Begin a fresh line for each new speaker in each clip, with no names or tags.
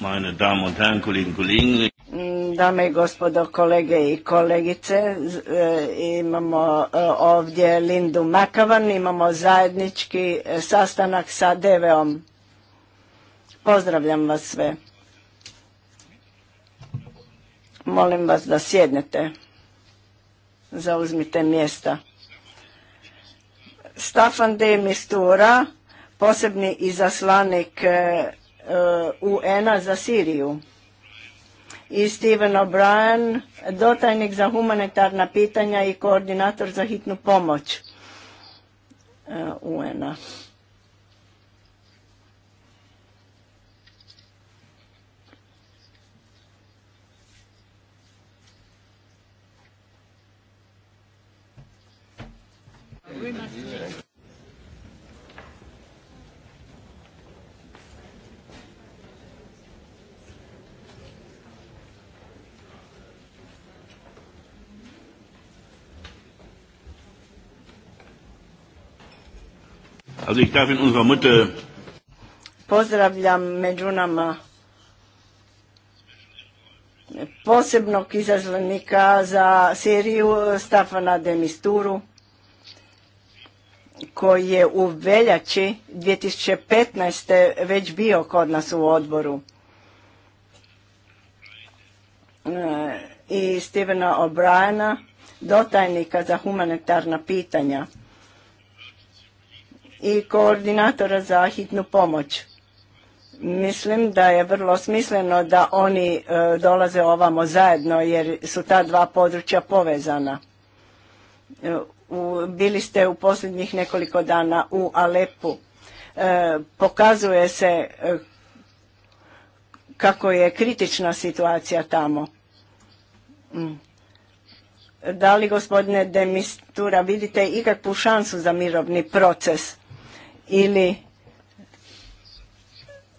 meine mm, Dame i gospodo, kolege i kolegice, e, imamo e, ovdje Lindu Makavan, imamo zajednički e, sastanak sa Deveom. Pozdravljam vas sve. Molim vas da sjednete, zauzmite mjesta. Stafan de Mistura, posebni izaslanik Eh, UN-a za Siriju i Steven O'Brien, dotajnik za humanitarna pitanja i koordinator za hitnu pomoć eh, UN-a. Also ich darf in unserer Pozdravljam među nama posebnog izazlenika za seriju Stafana Demisturu koji je u veljači 2015. već bio kod nas u odboru e, i Stevena O'Briena, dotajnika za humanitarna pitanja i koordinatora za hitnu pomoć. Mislim da je vrlo smisleno da oni e, dolaze ovamo zajedno jer su ta dva područja povezana. E, bili ste u posljednjih nekoliko dana u Alepu. E, pokazuje se kako je kritična situacija tamo. Mm. Da li gospodine Demistura vidite ikakvu šansu za mirovni proces? ili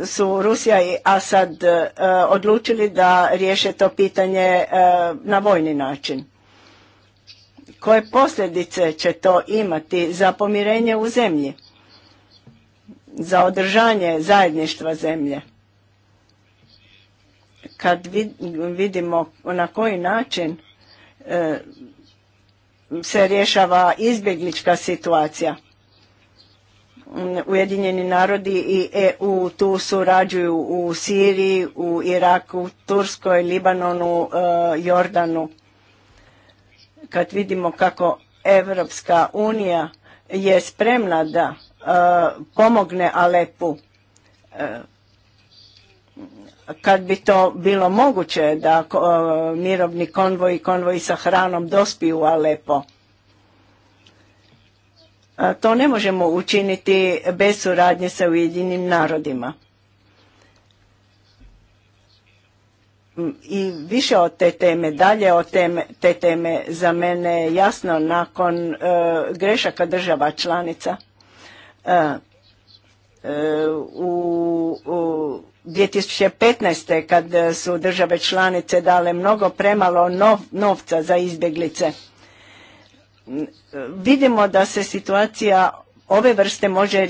su Rusija i Asad e, odlučili da riješe to pitanje e, na vojni način. Koje posljedice će to imati za pomirenje u zemlji? Za održanje zajedništva zemlje? Kad vidimo na koji način e, se rješava izbjeglička situacija – Ujedinjeni narodi i EU tu surađuju u Siriji, u Iraku, Turskoj, Libanonu, e, Jordanu. Kad vidimo kako Europska unija je spremna da e, pomogne Alepu, e, kad bi to bilo moguće da mirovni konvoj i konvoj sa hranom dospiju u Alepo, to ne možemo učiniti bez suradnje sa Ujedinim narodima. Mm, I više od te teme, dalje od te teme, za mene jasno nakon e, grešaka država članica e, uh, u, u 2015. kad su države članice dale mnogo premalo novca za izbjeglice Vidimo da se situacija ove vrste može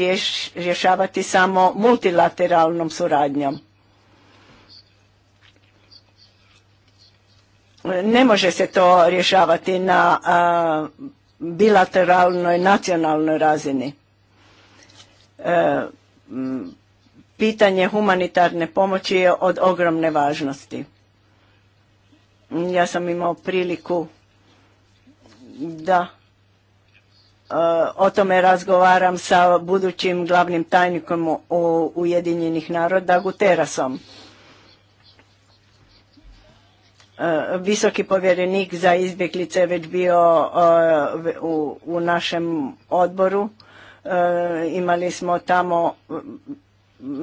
rješavati samo multilateralnom suradnjom. Ne može se to rješavati na bilateralnoj nacionalnoj razini. E, pitanje humanitarne pomoći je od ogromne važnosti. Ja sam imao priliku da e, o tome razgovaram sa budućim glavnim tajnikom Ujedinjenih naroda Guterasom. E, visoki povjerenik za izbjeglice je već bio e, u, našem odboru. Imali smo tamo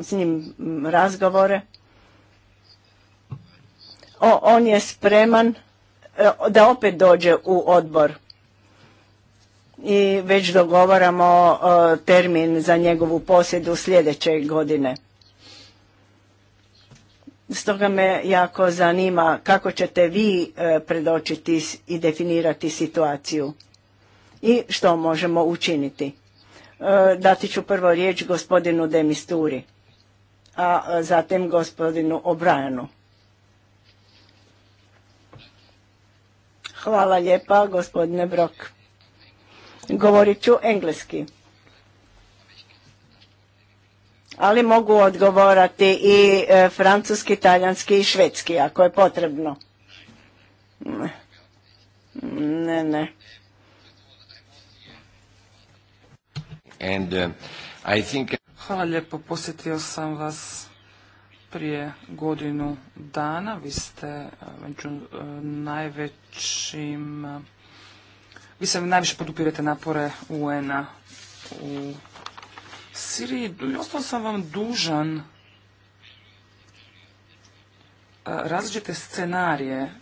s njim razgovore. on je spreman E, da opet dođe u odbor i već dogovaramo e, termin za njegovu posjedu sljedeće godine. Stoga me jako zanima kako ćete vi e, predočiti i definirati situaciju i što možemo učiniti. Dati ću prvo riječ gospodinu Demisturi, a zatim gospodinu Obrajanu. Hvala lijepa, gospodine Brok. Govorit ću engleski. Ali mogu odgovorati i e, francuski, talijanski i švedski, ako je potrebno. Ne, ne. Uh,
Hvala lijepo, posjetio sam vas prije godinu dana. Vi ste e, među e, najvećim... E, vi se najviše podupirate napore UN-a u Siriji. Ostao sam vam dužan različite scenarije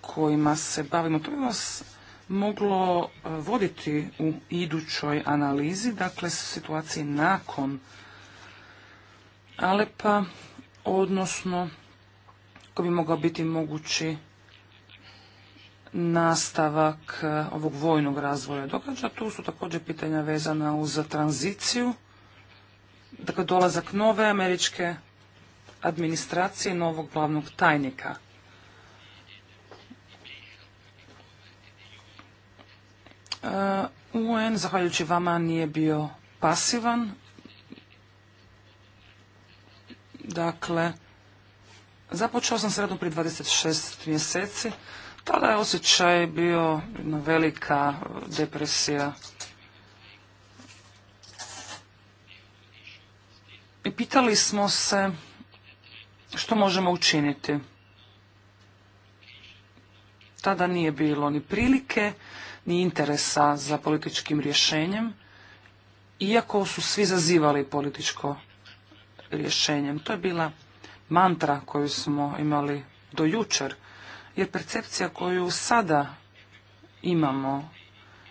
kojima se bavimo. To bi vas moglo voditi u idućoj analizi, dakle situaciji nakon Alepa, odnosno koji bi mogao biti mogući nastavak eh, ovog vojnog razvoja događa. Tu su također pitanja vezana uz tranziciju, dakle dolazak nove američke administracije, novog glavnog tajnika. Eh, UN, zahvaljujući vama, nije bio pasivan Dakle, započeo sam s radom prije 26 mjeseci. Tada je osjećaj bio jedna velika e, depresija. I pitali smo se što možemo učiniti. Tada nije bilo ni prilike, ni interesa za političkim rješenjem, iako su svi zazivali političko rješenjem. To je bila mantra koju smo imali do jučer, jer percepcija koju sada imamo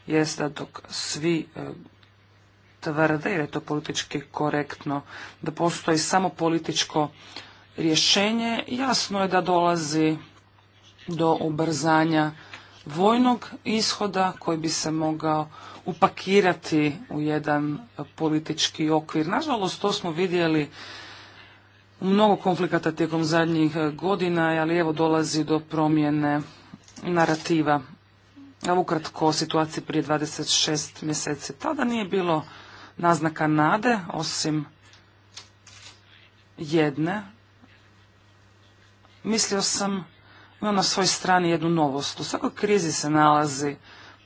jest da dok svi e, tvrde, jer je to politički korektno, da postoji samo političko rješenje, jasno je da dolazi do ubrzanja vojnog ishoda koji bi se mogao upakirati u jedan politički okvir. Nažalost, to smo vidjeli u mnogo konflikata tijekom zadnjih godina, ali evo dolazi do promjene narativa. Evo ukratko o situaciji prije 26 mjeseci. Tada nije bilo naznaka nade, osim jedne. Mislio sam ima na svoj strani jednu novost. U svakoj krizi se nalazi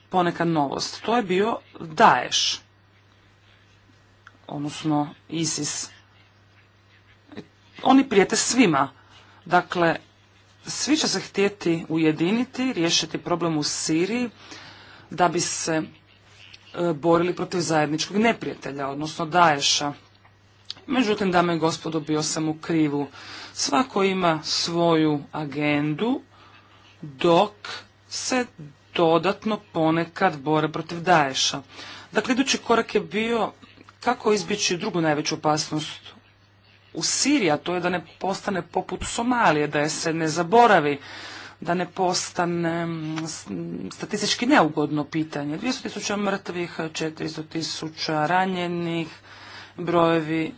ponekad novost. To je bio Daesh, odnosno ISIS. Oni prijete svima. Dakle, svi će se htjeti ujediniti, riješiti problem u Siriji da bi se e, borili protiv zajedničkog neprijatelja, odnosno Daesha. Međutim, dame i gospodo, bio sam u krivu. Svako ima svoju agendu dok se dodatno ponekad bore protiv Daješa. Dakle, idući korak je bio kako izbjeći drugu najveću opasnost u Siriji, a to je da ne postane poput Somalije, da je se ne zaboravi, da ne postane mm, statistički neugodno pitanje. 200.000 mrtvih, 400.000 tisuća ranjenih, brojevi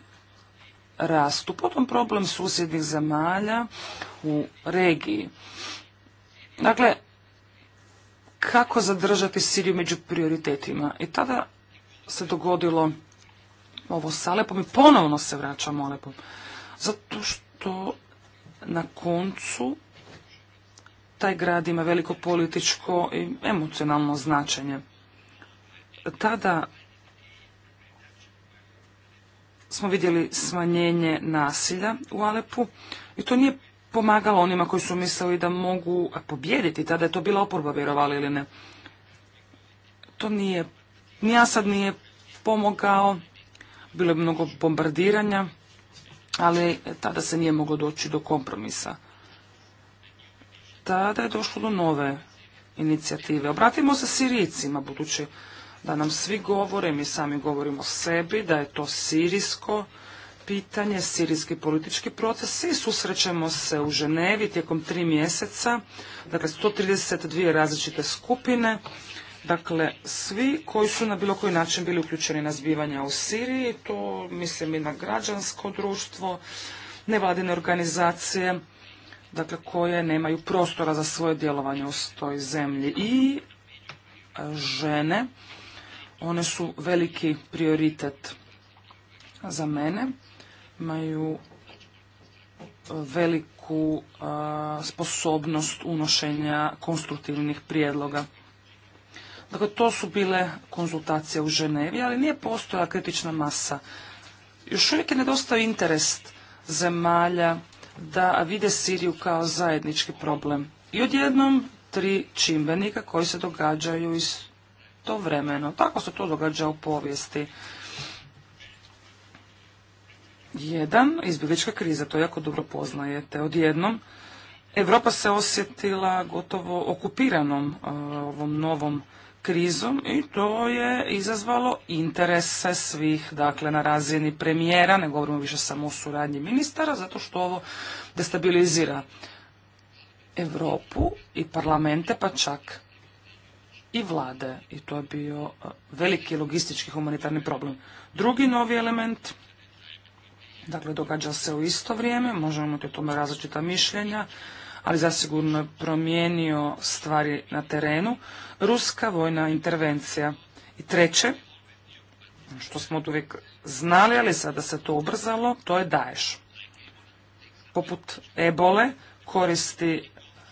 rastu. Potom problem susjednih zemalja u regiji. Dakle, kako zadržati Siriju među prioritetima? I tada se dogodilo ovo sa Alepom i ponovno se vraćamo Alepom. Zato što na koncu taj grad ima veliko političko i emocionalno značenje. Tada smo vidjeli smanjenje nasilja u Alepu i to nije pomagalo onima koji su mislili da mogu pobijediti, tada je to bila oporba vjerovali ili ne. To nije, ni Asad nije pomogao, bilo je mnogo bombardiranja, ali tada se nije moglo doći do kompromisa. Tada je došlo do nove inicijative. Obratimo se Sirijcima, budući da nam svi govore, mi sami govorimo o sebi, da je to sirijsko pitanje, sirijski politički proces i susrećemo se u Ženevi tijekom tri mjeseca, dakle 132 različite skupine, dakle svi koji su na bilo koji način bili uključeni na zbivanja u Siriji, to mislim i na građansko društvo, nevladine organizacije, dakle koje nemaju prostora za svoje djelovanje u toj zemlji i e, žene one su veliki prioritet za mene. Imaju e, veliku e, sposobnost unošenja konstruktivnih prijedloga. Dakle, to su bile konzultacije u Ženevi, ali nije postojala kritična masa. Još uvijek je nedostao interes zemalja da vide Siriju kao zajednički problem. I odjednom tri čimbenika koji se događaju iz to vremeno. Tako se to događa u povijesti. Jedan, izbjeglička kriza, to jako dobro poznajete. Odjednom, Evropa se osjetila gotovo okupiranom e, ovom novom krizom i to je izazvalo interese svih, dakle na razini premijera, ne govorimo više samo o suradnji ministara, zato što ovo destabilizira Europu i parlamente, pa čak i vlade i to je bio uh, veliki logistički humanitarni problem. Drugi novi element, dakle događa se u isto vrijeme, možemo imati o tome različita mišljenja, ali zasigurno je promijenio stvari na terenu, ruska vojna intervencija. I treće, što smo od uvijek znali, ali sada se to ubrzalo, to je Daješ. Poput ebole koristi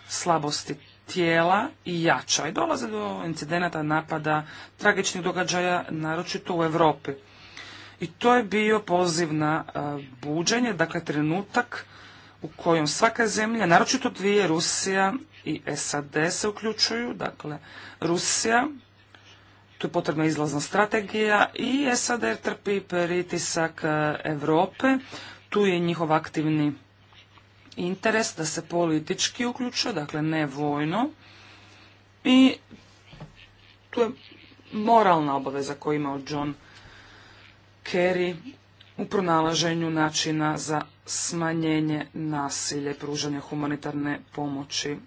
slabosti tijela i jača i dolaze do incidenata, napada, tragičnih događaja, naročito u Europi. I to je bio poziv na e, buđenje, dakle trenutak u kojem svaka zemlja, naročito dvije, Rusija i SAD se uključuju, dakle Rusija, tu je potrebna izlazna strategija i SAD trpi pritisak e, Europe, tu je njihov aktivni interes da se politički uključuje, dakle ne vojno. I tu je moralna obaveza koju imao John Kerry u pronalaženju načina za smanjenje nasilja i pružanje humanitarne pomoći.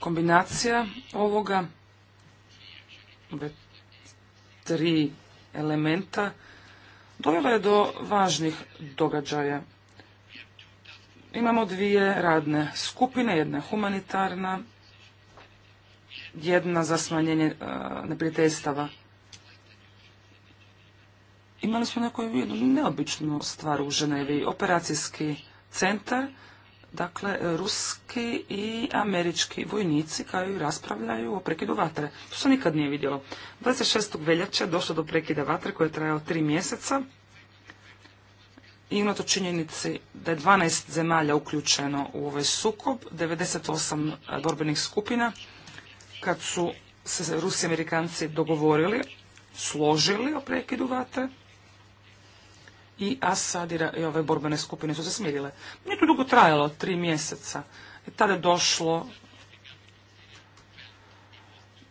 Kombinacija ovoga ove tri elementa dovelo je do važnih događaja. Imamo dvije radne skupine, jedna je humanitarna, jedna za smanjenje e, neprijateljstava. Imali smo neku jednu neobičnu stvar u Ženevi, operacijski centar Dakle, ruski i američki vojnici kao i raspravljaju o prekidu vatre. To se nikad nije vidjelo. 26. veljače došlo do prekida vatre koji je trajao tri mjeseca i to činjenici da je 12 zemalja uključeno u ovaj sukob, 98 borbenih skupina, kad su se Rusi i Amerikanci dogovorili, složili o prekidu vatre, i Asad i ove borbene skupine su se smirile. Nije to dugo trajalo, tri mjeseca. I tada je došlo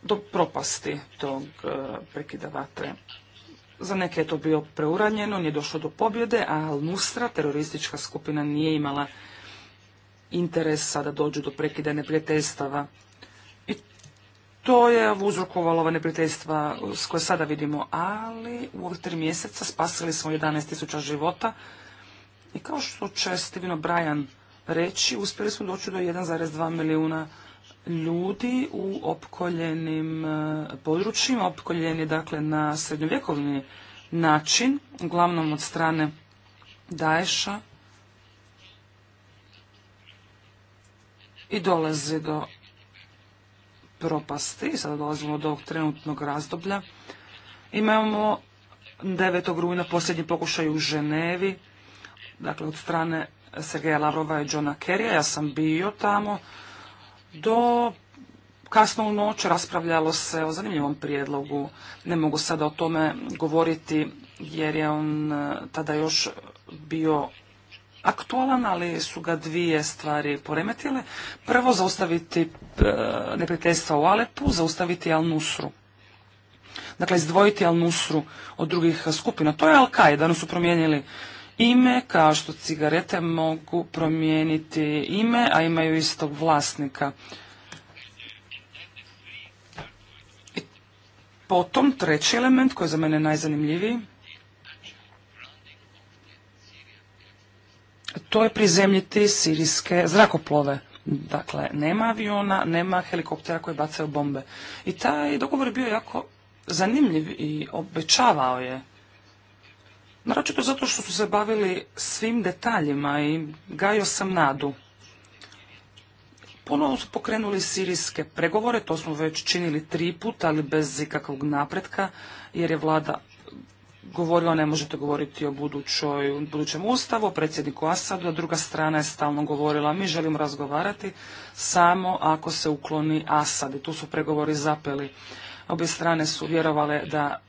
do propasti tog e, prekida vatre. Za neke je to bio preuranjeno, nije došlo do pobjede, a Al-Nusra, teroristička skupina, nije imala interesa da dođu do prekida neprijateljstava. To je uzrokovalo ova neprijateljstva s koje sada vidimo, ali u ovih tri mjeseca spasili smo 11.000 života i kao što će Steven Brian reći, uspjeli smo doći do 1,2 milijuna ljudi u opkoljenim e, područjima, opkoljeni dakle na srednjovjekovni način, uglavnom od strane Daesha i dolazi do propasti, sada dolazimo do ovog trenutnog razdoblja, imamo 9. rujna posljednji pokušaj u Ženevi, dakle od strane Sergeja Lavrova i Johna Kerrya, ja sam bio tamo, do kasno u noć raspravljalo se o zanimljivom prijedlogu. Ne mogu sada o tome govoriti jer je on eh, tada još bio aktualan, ali su ga dvije stvari poremetile. Prvo, zaustaviti e, neprijateljstva u Alepu, zaustaviti Al-Nusru. Dakle, izdvojiti Al-Nusru od drugih skupina. To je al da su promijenili ime, kao što cigarete mogu promijeniti ime, a imaju istog vlasnika. potom treći element koji je za mene najzanimljiviji to je prizemljiti sirijske zrakoplove. Dakle, nema aviona, nema helikoptera koji bacaju bombe. I taj dogovor je bio jako zanimljiv i obećavao je. Naročito zato što su se bavili svim detaljima i gajio sam nadu. Ponovo su pokrenuli sirijske pregovore, to smo već činili tri puta, ali bez ikakvog napretka, jer je vlada govorila, ne možete govoriti o budućem ustavu, o predsjedniku Asadu, a druga strana je stalno govorila, mi želimo razgovarati samo ako se ukloni Asad. I tu su pregovori zapeli. Obje strane su vjerovale da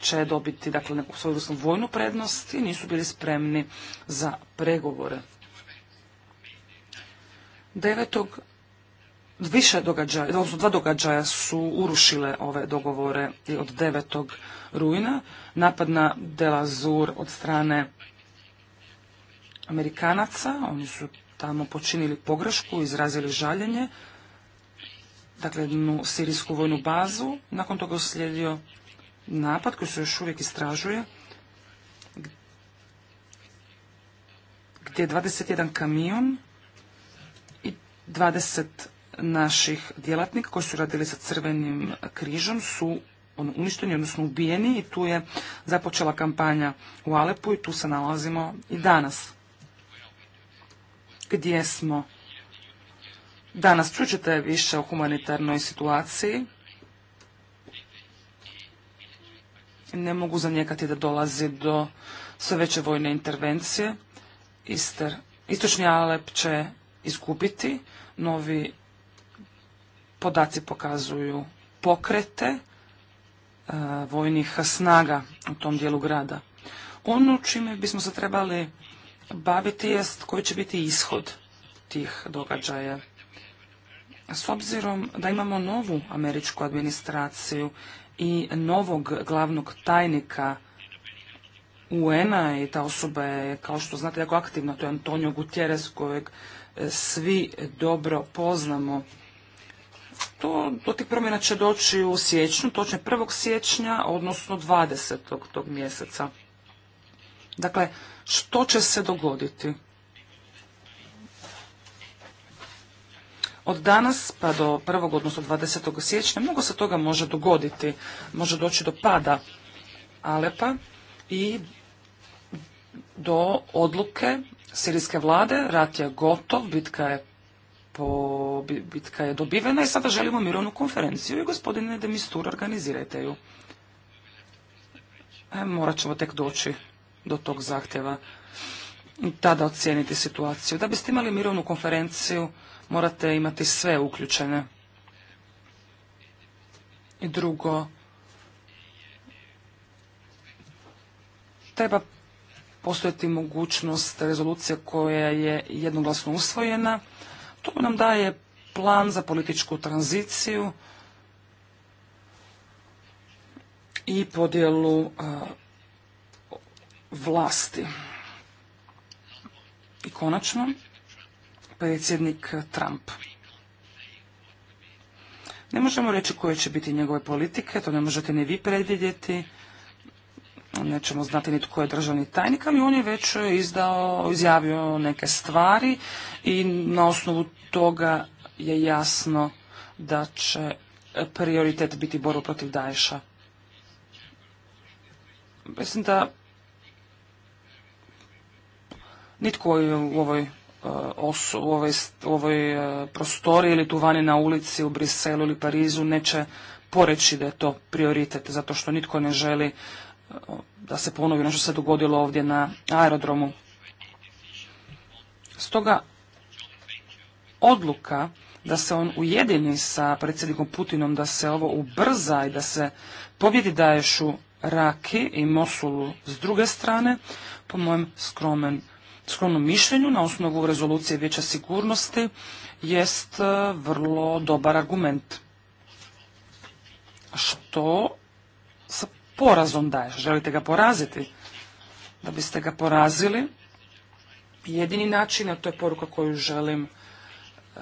će dobiti dakle, neku vojnu prednost i nisu bili spremni za pregovore. 9 više događaja, odnosno dva događaja su urušile ove dogovore od 9. rujna. Napad na Delazur od strane Amerikanaca, oni su tamo počinili pogrešku, izrazili žaljenje, dakle jednu sirijsku vojnu bazu. Nakon toga uslijedio napad koji se još uvijek istražuje, gdje je 21 kamion i naših djelatnika koji su radili sa Crvenim križom su ono, uništeni, odnosno ubijeni i tu je započela kampanja u Alepu i tu se nalazimo i danas. Gdje smo? Danas čućete više o humanitarnoj situaciji. Ne mogu zanijekati da dolazi do sve veće vojne intervencije. istočni Alep će izgubiti, novi Podaci pokazuju pokrete e, vojnih snaga u tom dijelu grada. Ono čime bismo se trebali baviti jest koji će biti ishod tih događaja. S obzirom da imamo novu američku administraciju i novog glavnog tajnika UN-a i ta osoba je, kao što znate, jako aktivna, to je Antonio Gutierrez, kojeg e, svi dobro poznamo to, do tih promjena će doći u siječnju, točno 1. siječnja, odnosno 20. tog mjeseca. Dakle, što će se dogoditi? Od danas pa do 1. odnosno 20. siječnja mnogo se toga može dogoditi. Može doći do pada Alepa i do odluke sirijske vlade. Rat je gotov, bitka je po bitka je dobivena i sada želimo mirovnu konferenciju i gospodine de Mistur organizirajte ju. E, morat ćemo tek doći do tog zahtjeva i tada ocijeniti situaciju. Da biste imali mirovnu konferenciju morate imati sve uključene. I drugo, treba postojati mogućnost rezolucije koja je jednoglasno usvojena, to nam daje plan za političku tranziciju i podjelu e, vlasti. I konačno, predsjednik Trump. Ne možemo reći koje će biti njegove politike, to ne možete ni vi predvidjeti nećemo znati ni tko je državni tajnik, ali on je već izdao, izjavio neke stvari i na osnovu toga je jasno da će prioritet biti borba protiv Daješa. Mislim da nitko u ovoj e, osu, u ovoj, u ovoj e, prostori ili tu vani na ulici u Briselu ili Parizu neće poreći da je to prioritet, zato što nitko ne želi da se ponovi ono što se dogodilo ovdje na aerodromu. Stoga odluka da se on ujedini sa predsjednikom Putinom, da se ovo ubrza i da se pobjedi Daješu Raki i Mosulu s druge strane, po mojem skromnom mišljenju na osnovu rezolucije Vijeća sigurnosti, jest e, vrlo dobar argument. Što porazom daješ, želite ga poraziti. Da biste ga porazili, jedini način, a to je poruka koju želim eh,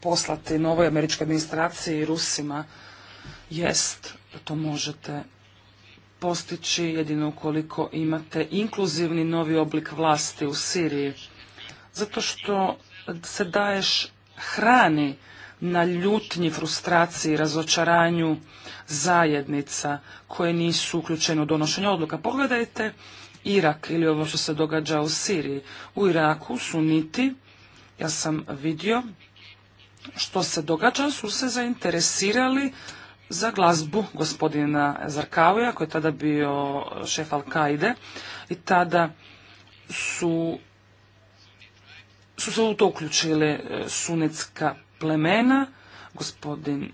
poslati novoj američkoj administraciji i Rusima, jest da to možete postići jedino ukoliko imate inkluzivni novi oblik vlasti u Siriji. Zato što se daješ hrani na ljutnji, frustraciji, razočaranju zajednica koje nisu uključene u donošenje odluka. Pogledajte Irak ili ovo što se događa u Siriji. U Iraku su niti, ja sam vidio, što se događa, su se zainteresirali za glazbu gospodina Zarkavija, koji je tada bio šef Al-Kaide i tada su su se u to uključili e, sunetska plemena, gospodin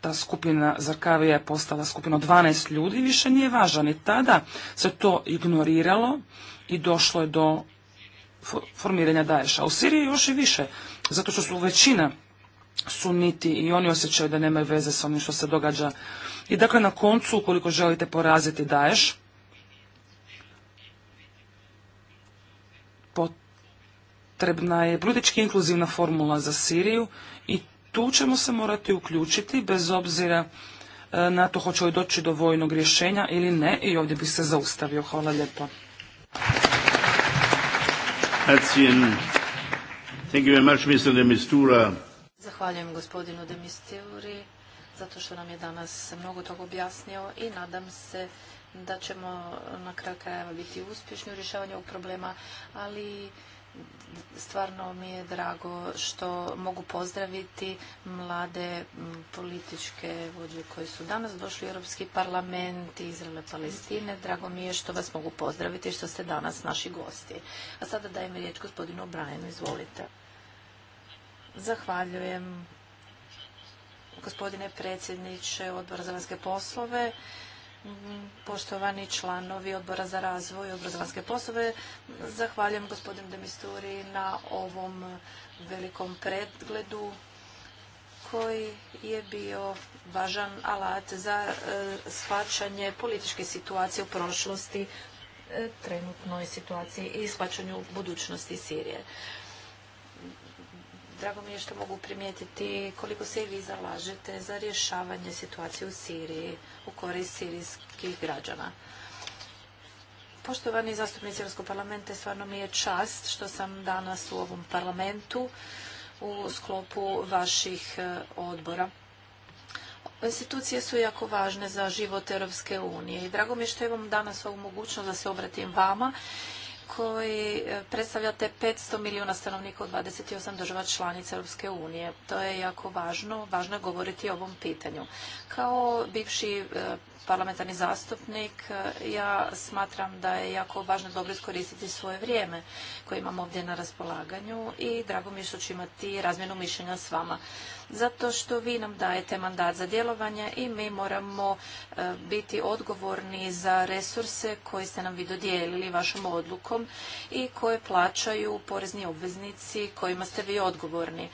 ta skupina Zarkavija je postala skupina 12 ljudi, više nije važan. I tada se to ignoriralo i došlo je do formiranja Daješa. U Siriji još i više, zato što su većina suniti i oni osjećaju da nemaju veze sa onim što se događa. I dakle, na koncu, ukoliko želite poraziti Daješ, potrebna je politički inkluzivna formula za Siriju i tu ćemo se morati uključiti bez obzira e, na to hoće li doći do vojnog rješenja ili ne i ovdje bi se zaustavio. Hvala lijepo.
Zahvaljujem gospodinu Demisturi zato što nam je danas mnogo toga objasnio i nadam se da ćemo na kraju krajeva biti uspješni u rješavanju ovog problema, ali stvarno mi je drago što mogu pozdraviti mlade političke vođe koji su danas došli u Europski parlament Izraele Palestine. Drago mi je što vas mogu pozdraviti i što ste danas naši gosti. A sada dajem riječ gospodinu Brajanu. Izvolite. Zahvaljujem gospodine predsjedniče odbora za vanjske poslove. Poštovani članovi Odbora za razvoj i obrazovanske poslove, zahvaljujem gospodinu Demisturi na ovom velikom predgledu koji je bio važan alat za e, shvaćanje političke situacije u prošlosti, e, trenutnoj situaciji i shvaćanju budućnosti Sirije. Drago mi je što mogu primijetiti koliko se i vi zalažete za rješavanje situacije u Siriji u korist sirijskih građana. Poštovani zastupnici Europskog parlamenta, stvarno mi je čast što sam danas u ovom parlamentu u sklopu vaših e, odbora. Institucije su jako važne za život Europske unije i drago mi je što imam danas ovu mogućnost da se obratim vama koji e, predstavljate 500 milijuna stanovnika u 28 država članica Europske unije. To je jako važno, važno je govoriti o ovom pitanju. Kao bivši e, parlamentarni zastupnik, e, ja smatram da je jako važno dobro iskoristiti svoje vrijeme koje imam ovdje na raspolaganju i drago mi je što ću imati razmjenu mišljenja s vama. Zato što vi nam dajete mandat za djelovanje i mi moramo e, biti odgovorni za resurse koje ste nam vi dodijelili vašom odlukom i koje plaćaju porezni obveznici kojima ste vi odgovorni.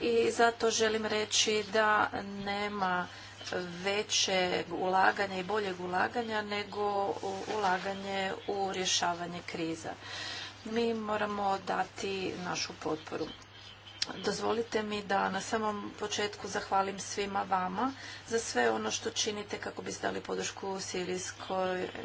I zato želim reći da nema većeg ulaganja i boljeg ulaganja nego ulaganje u rješavanje kriza. Mi moramo dati našu potporu. Dozvolite mi da na samom početku zahvalim svima vama za sve ono što činite kako biste dali podršku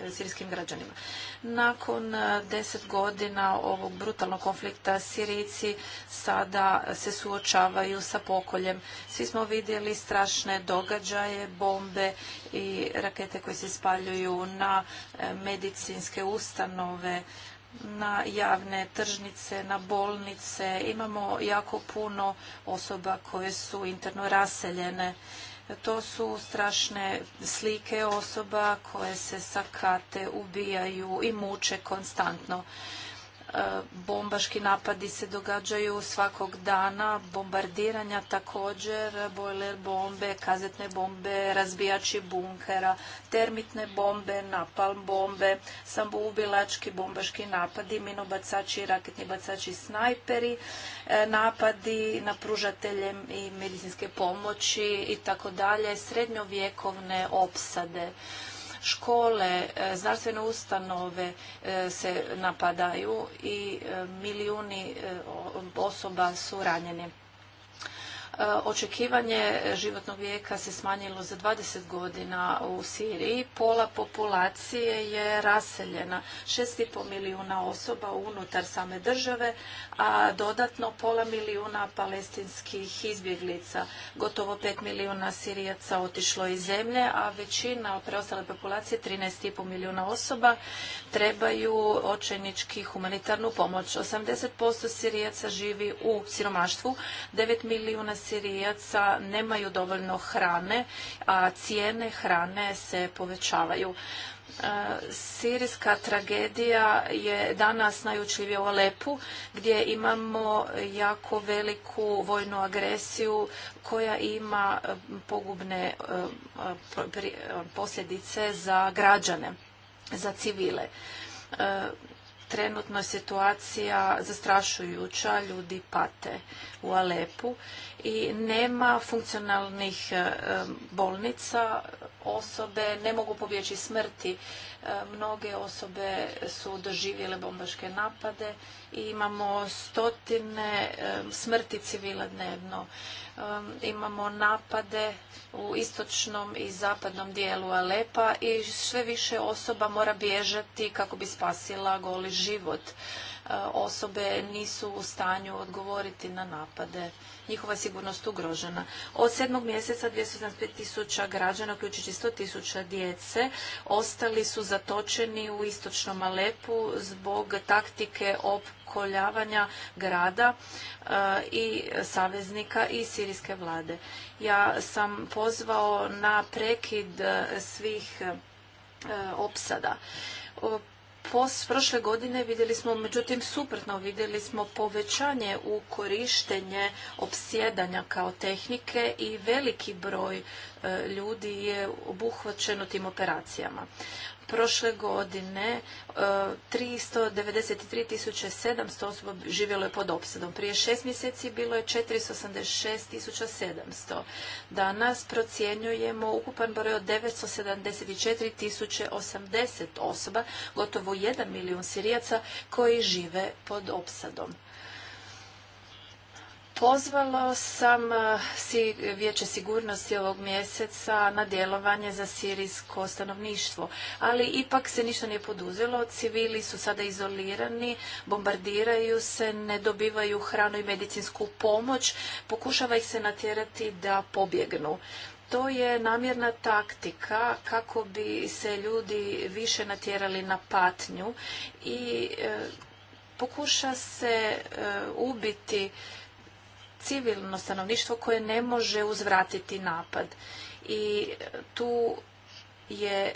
sirijskim građanima. Nakon e, deset godina ovog brutalnog konflikta Sirijci sada se suočavaju sa pokoljem. Svi smo vidjeli strašne događaje, bombe i rakete koje se spaljuju na e, medicinske ustanove, na javne tržnice, na bolnice. Imamo jako puno osoba koje su interno raseljene. To su strašne slike osoba koje se sakate, ubijaju i muče konstantno. E, bombaški napadi se događaju svakog dana, bombardiranja također, bojler bombe, kazetne bombe, razbijači bunkera, termitne bombe, napalm bombe, sambubilački bombaški napadi, minobacači, raketni bacači, snajperi, e, napadi na pružatelje i medicinske pomoći i tako dalje, srednjovjekovne opsade škole, e, znanstvene ustanove e, se napadaju i e, milijuni osoba su ranjeni. E, očekivanje životnog vijeka se smanjilo za 20 godina u Siriji. Pola populacije je raseljena. 6,5 milijuna osoba unutar same države, a dodatno pola milijuna palestinskih izbjeglica. Gotovo 5 milijuna Sirijaca otišlo iz zemlje, a većina preostale populacije, 13,5 milijuna osoba, trebaju očajnički humanitarnu pomoć. 80% Sirijaca živi u siromaštvu, 9 milijuna Sirijaca Sirijaca nemaju dovoljno hrane, a cijene hrane se povećavaju. E, sirijska tragedija je danas najučljivija u Alepu gdje imamo jako veliku vojnu agresiju koja ima e, pogubne e, posljedice za građane, za civile. Trenutno je situacija zastrašujuća, ljudi pate u Alepu i nema funkcionalnih e, bolnica, osobe ne mogu pobjeći smrti. E, mnoge osobe su doživjele bombaške napade i imamo stotine e, smrti civila dnevno. Imamo napade u istočnom i zapadnom dijelu Alepa i sve više osoba mora bježati kako bi spasila goli život. E, osobe nisu u stanju odgovoriti na napade. Njihova sigurnost ugrožena. Od 7. mjeseca 275 tisuća građana, uključujući 100 tisuća djece, ostali su zatočeni u istočnom Alepu zbog taktike opkoljavanja grada e, i saveznika i sirijske vlade. Ja sam pozvao na prekid svih e, opsada Pos prošle godine vidjeli smo, međutim, suprotno vidjeli smo povećanje u korištenje opsjedanja kao tehnike i veliki broj e, ljudi je obuhvaćeno tim operacijama. Prošle godine 393.700 e, osoba živjelo je pod opsadom. Prije šest mjeseci bilo je 486.700. Danas procjenjujemo ukupan broj od 974.080 osoba, gotovo 1 milijun sirijaca koji žive pod opsadom. Pozvalo sam eh, Vijeće sigurnosti ovog mjeseca na djelovanje za sirijsko stanovništvo, ali ipak se ništa nije poduzelo. Civili su sada izolirani, bombardiraju se, ne dobivaju hranu i medicinsku pomoć, pokušava ih se natjerati da pobjegnu. To je namjerna taktika kako bi se ljudi više natjerali na patnju i eh, pokuša se eh, ubiti civilno stanovništvo koje ne može uzvratiti napad. I tu je e,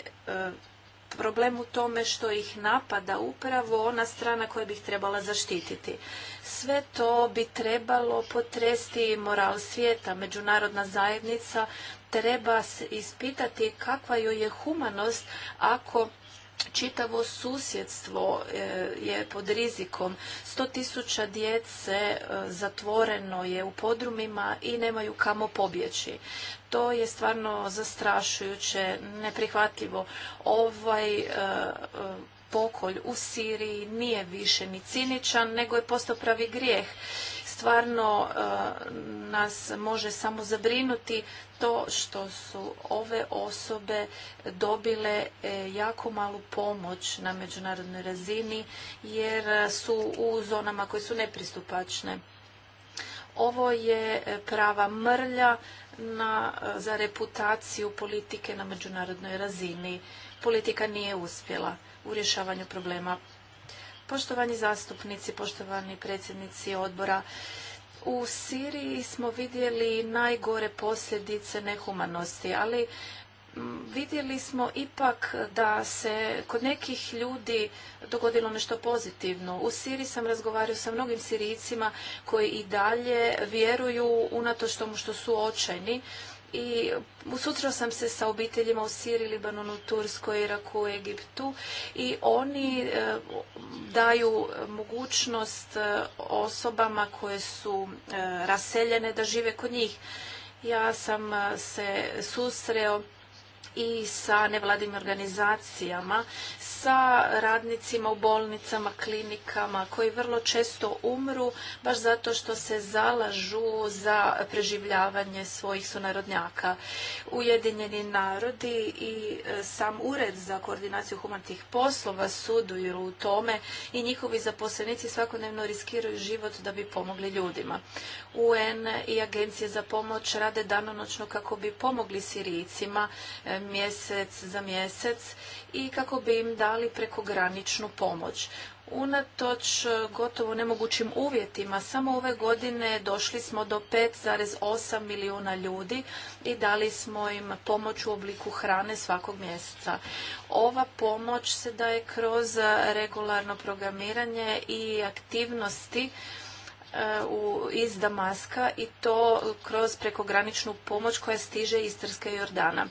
problem u tome što ih napada upravo ona strana koja bi ih trebala zaštititi. Sve to bi trebalo potresti moral svijeta. Međunarodna zajednica treba ispitati kakva joj je humanost ako čitavo susjedstvo e, je pod rizikom. 100.000 djece e, zatvoreno je u podrumima i nemaju kamo pobjeći. To je stvarno zastrašujuće, neprihvatljivo. Ovaj e, pokolj u Siriji nije više ni ciničan, nego je postao pravi grijeh stvarno e, nas može samo zabrinuti to što su ove osobe dobile e, jako malu pomoć na međunarodnoj razini jer su u zonama koje su nepristupačne. Ovo je e, prava mrlja na, za reputaciju politike na međunarodnoj razini. Politika nije uspjela u rješavanju problema Poštovani zastupnici, poštovani predsjednici odbora, u Siriji smo vidjeli najgore posljedice nehumanosti, ali vidjeli smo ipak da se kod nekih ljudi dogodilo nešto pozitivno. U Siriji sam razgovarao sa mnogim Sirijcima koji i dalje vjeruju unatoč tomu što su očajni i susreo sam se sa obiteljima u Siriji, Libanonu, Turskoj, Iraku, Egiptu i oni e, daju mogućnost e, osobama koje su e, raseljene da žive kod njih. Ja sam se susreo i sa nevladim organizacijama, sa radnicima u bolnicama, klinikama koji vrlo često umru baš zato što se zalažu za preživljavanje svojih sunarodnjaka. Ujedinjeni narodi i e, sam ured za koordinaciju humanitih poslova suduju u tome i njihovi zaposlenici svakodnevno riskiraju život da bi pomogli ljudima. UN i agencije za pomoć rade danonočno kako bi pomogli Sirijicima, e, mjesec za mjesec i kako bi im dali prekograničnu pomoć. Unatoč e, gotovo nemogućim uvjetima, samo ove godine došli smo do 5,8 milijuna ljudi i dali smo im pomoć u obliku hrane svakog mjeseca. Ova pomoć se daje kroz regularno programiranje i aktivnosti e, u, iz Damaska i to kroz prekograničnu pomoć koja stiže iz Trske i Jordana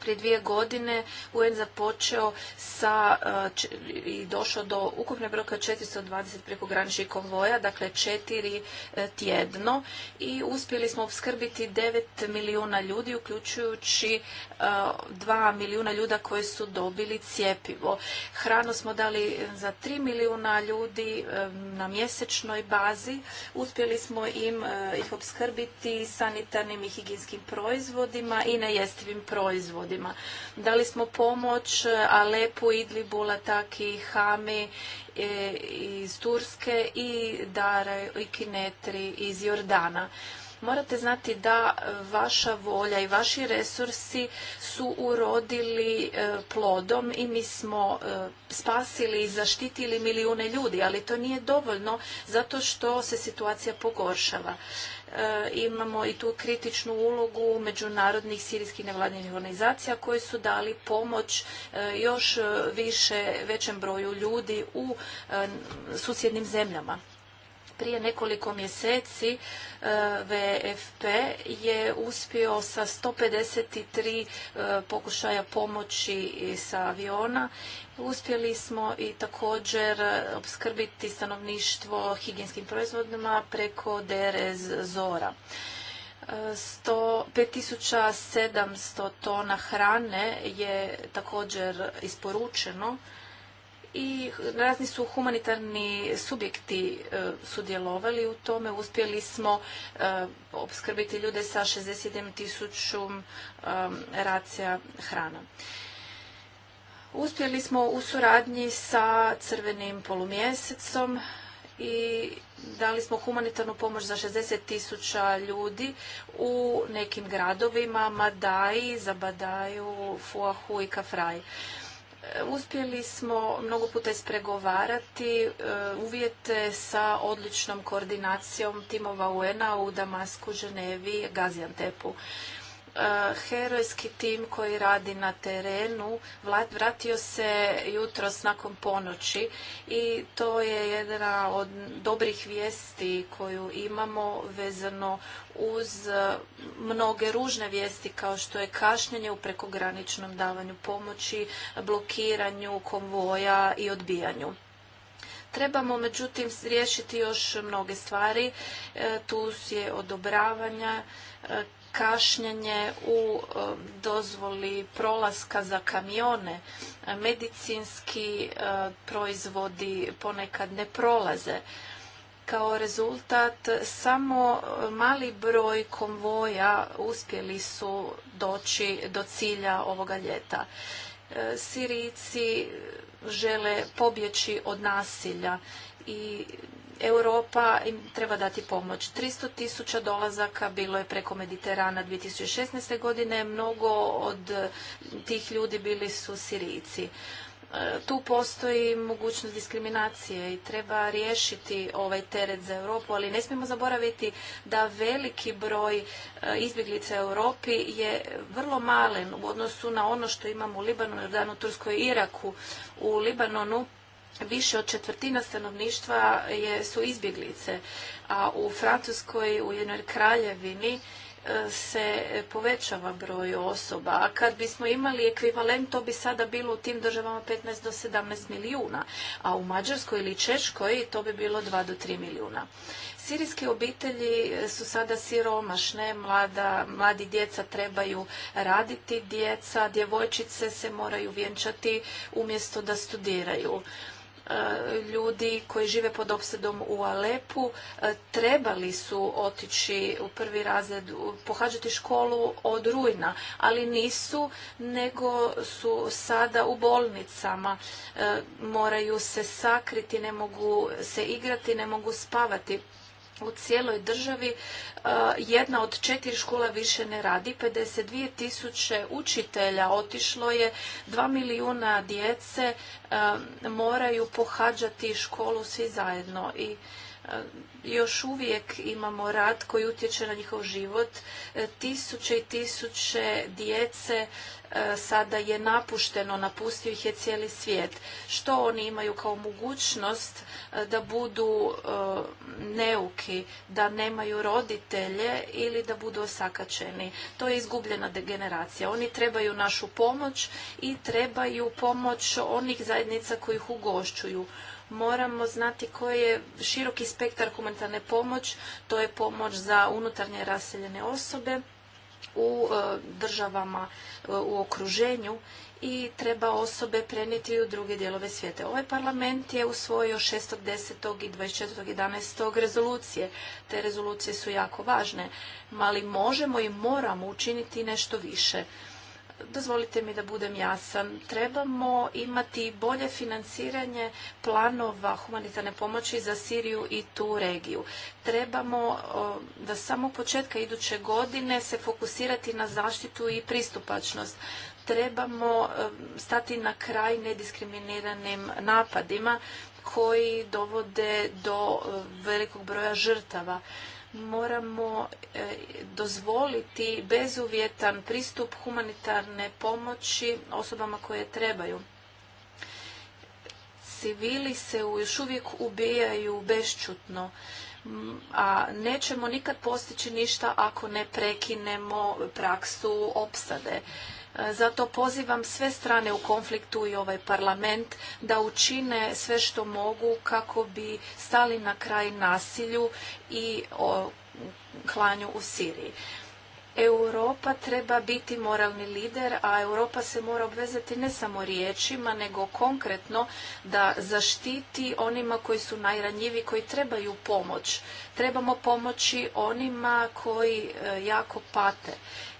prije dvije godine UN započeo sa e, i došao do ukupne broka 420 prekograničnih konvoja, dakle četiri e, tjedno i uspjeli smo obskrbiti 9 milijuna ljudi, uključujući 2 e, milijuna ljuda koji su dobili cijepivo. Hranu smo dali za 3 milijuna ljudi na mjesečnoj bazi. Uspjeli smo im ih obskrbiti sanitarnim i higijenskim proizvodima i nejestivim proizvodima proizvodima. Dali smo pomoć Alepu, Idlibu, Lataki, Hami e, iz Turske i dare i Kinetri iz Jordana. Morate znati da vaša volja i vaši resursi su urodili e, plodom i mi smo e, spasili i zaštitili milijune ljudi, ali to nije dovoljno zato što se situacija pogoršava. E, imamo i tu kritičnu ulogu međunarodnih sirijskih nevladnih organizacija koji su dali pomoć e, još više većem broju ljudi u e, susjednim zemljama prije nekoliko mjeseci e, VFP je uspio sa 153 e, pokušaja pomoći sa aviona. Uspjeli smo i također obskrbiti stanovništvo higijenskim proizvodima preko DRS Zora. 5700 e, tona hrane je također isporučeno i razni su humanitarni subjekti e, sudjelovali u tome. Uspjeli smo e, opskrbiti ljude sa 67 tisuću e, racija hrana. Uspjeli smo u suradnji sa crvenim polumjesecom i dali smo humanitarnu pomoć za 60 tisuća ljudi u nekim gradovima Madaji, Zabadaju, Fuahu i Kafraj. Uspjeli smo mnogo puta ispregovarati e, uvjete sa odličnom koordinacijom timova UN-a u Damasku, Ženevi, Gaziantepu. E, herojski tim koji radi na terenu vratio se jutros nakon ponoći i to je jedna od dobrih vijesti koju imamo vezano uz mnoge ružne vijesti kao što je kašnjenje u prekograničnom davanju pomoći, blokiranju konvoja i odbijanju. Trebamo međutim riješiti još mnoge stvari. E, tu je odobravanja e, kašnjenje u dozvoli prolaska za kamione. Medicinski proizvodi ponekad ne prolaze. Kao rezultat samo mali broj konvoja uspjeli su doći do cilja ovoga ljeta. E, Sirici žele pobjeći od nasilja i Europa im treba dati pomoć. 300 tisuća dolazaka bilo je preko Mediterana 2016. godine. Mnogo od tih ljudi bili su Sirijci. E, tu postoji mogućnost diskriminacije i treba riješiti ovaj teret za Europu, ali ne smijemo zaboraviti da veliki broj e, izbjeglica u Europi je vrlo malen u odnosu na ono što imamo u Libanu, Jordanu, Turskoj i Iraku. U Libanonu više od četvrtina stanovništva je, su izbjeglice, a u Francuskoj, u jednoj kraljevini, e, se povećava broj osoba. A kad bismo imali ekvivalent, to bi sada bilo u tim državama 15 do 17 milijuna, a u Mađarskoj ili Češkoj to bi bilo 2 do 3 milijuna. Sirijske obitelji su sada siromašne, mlada, mladi djeca trebaju raditi, djeca, djevojčice se moraju vjenčati umjesto da studiraju. Eh, ljudi koji žive pod opsedom u Alepu eh, trebali su otići u prvi razred, pohađati školu od rujna, ali nisu, nego su sada u bolnicama. Eh, moraju se sakriti, ne mogu se igrati, ne mogu spavati u cijeloj državi e, jedna od četiri škola više ne radi. 52 tisuće učitelja otišlo je, 2 milijuna djece e, moraju pohađati školu svi zajedno i još uvijek imamo rad koji utječe na njihov život. E, tisuće i tisuće djece e, sada je napušteno, napustio ih je cijeli svijet. Što oni imaju kao mogućnost e, da budu neuki, da nemaju roditelje ili da budu osakačeni? To je izgubljena degeneracija. Oni trebaju našu pomoć i trebaju pomoć onih zajednica koji ih ugošćuju moramo znati koji je široki spektar humanitarne pomoć, to je pomoć za unutarnje raseljene osobe u e, državama e, u okruženju i treba osobe preniti u druge dijelove svijeta. Ovaj parlament je usvojio 6.10. i 24.11. rezolucije. Te rezolucije su jako važne, ali možemo i moramo učiniti nešto više dozvolite mi da budem jasan. Trebamo imati bolje financiranje planova humanitarne pomoći za Siriju i tu regiju. Trebamo da samo početka iduće godine se fokusirati na zaštitu i pristupačnost. Trebamo e, stati na kraj nediskriminiranim napadima koji dovode do e, velikog broja žrtava moramo e, dozvoliti bezuvjetan pristup humanitarne pomoći osobama koje trebaju. Civili se još uvijek ubijaju bešćutno, a nećemo nikad postići ništa ako ne prekinemo praksu opsade. Zato pozivam sve strane u konfliktu i ovaj parlament da učine sve što mogu kako bi stali na kraj nasilju i klanju u Siriji. Europa treba biti moralni lider, a Europa se mora obvezati ne samo riječima, nego konkretno da zaštiti onima koji su najranjivi, koji trebaju pomoć. Trebamo pomoći onima koji e, jako pate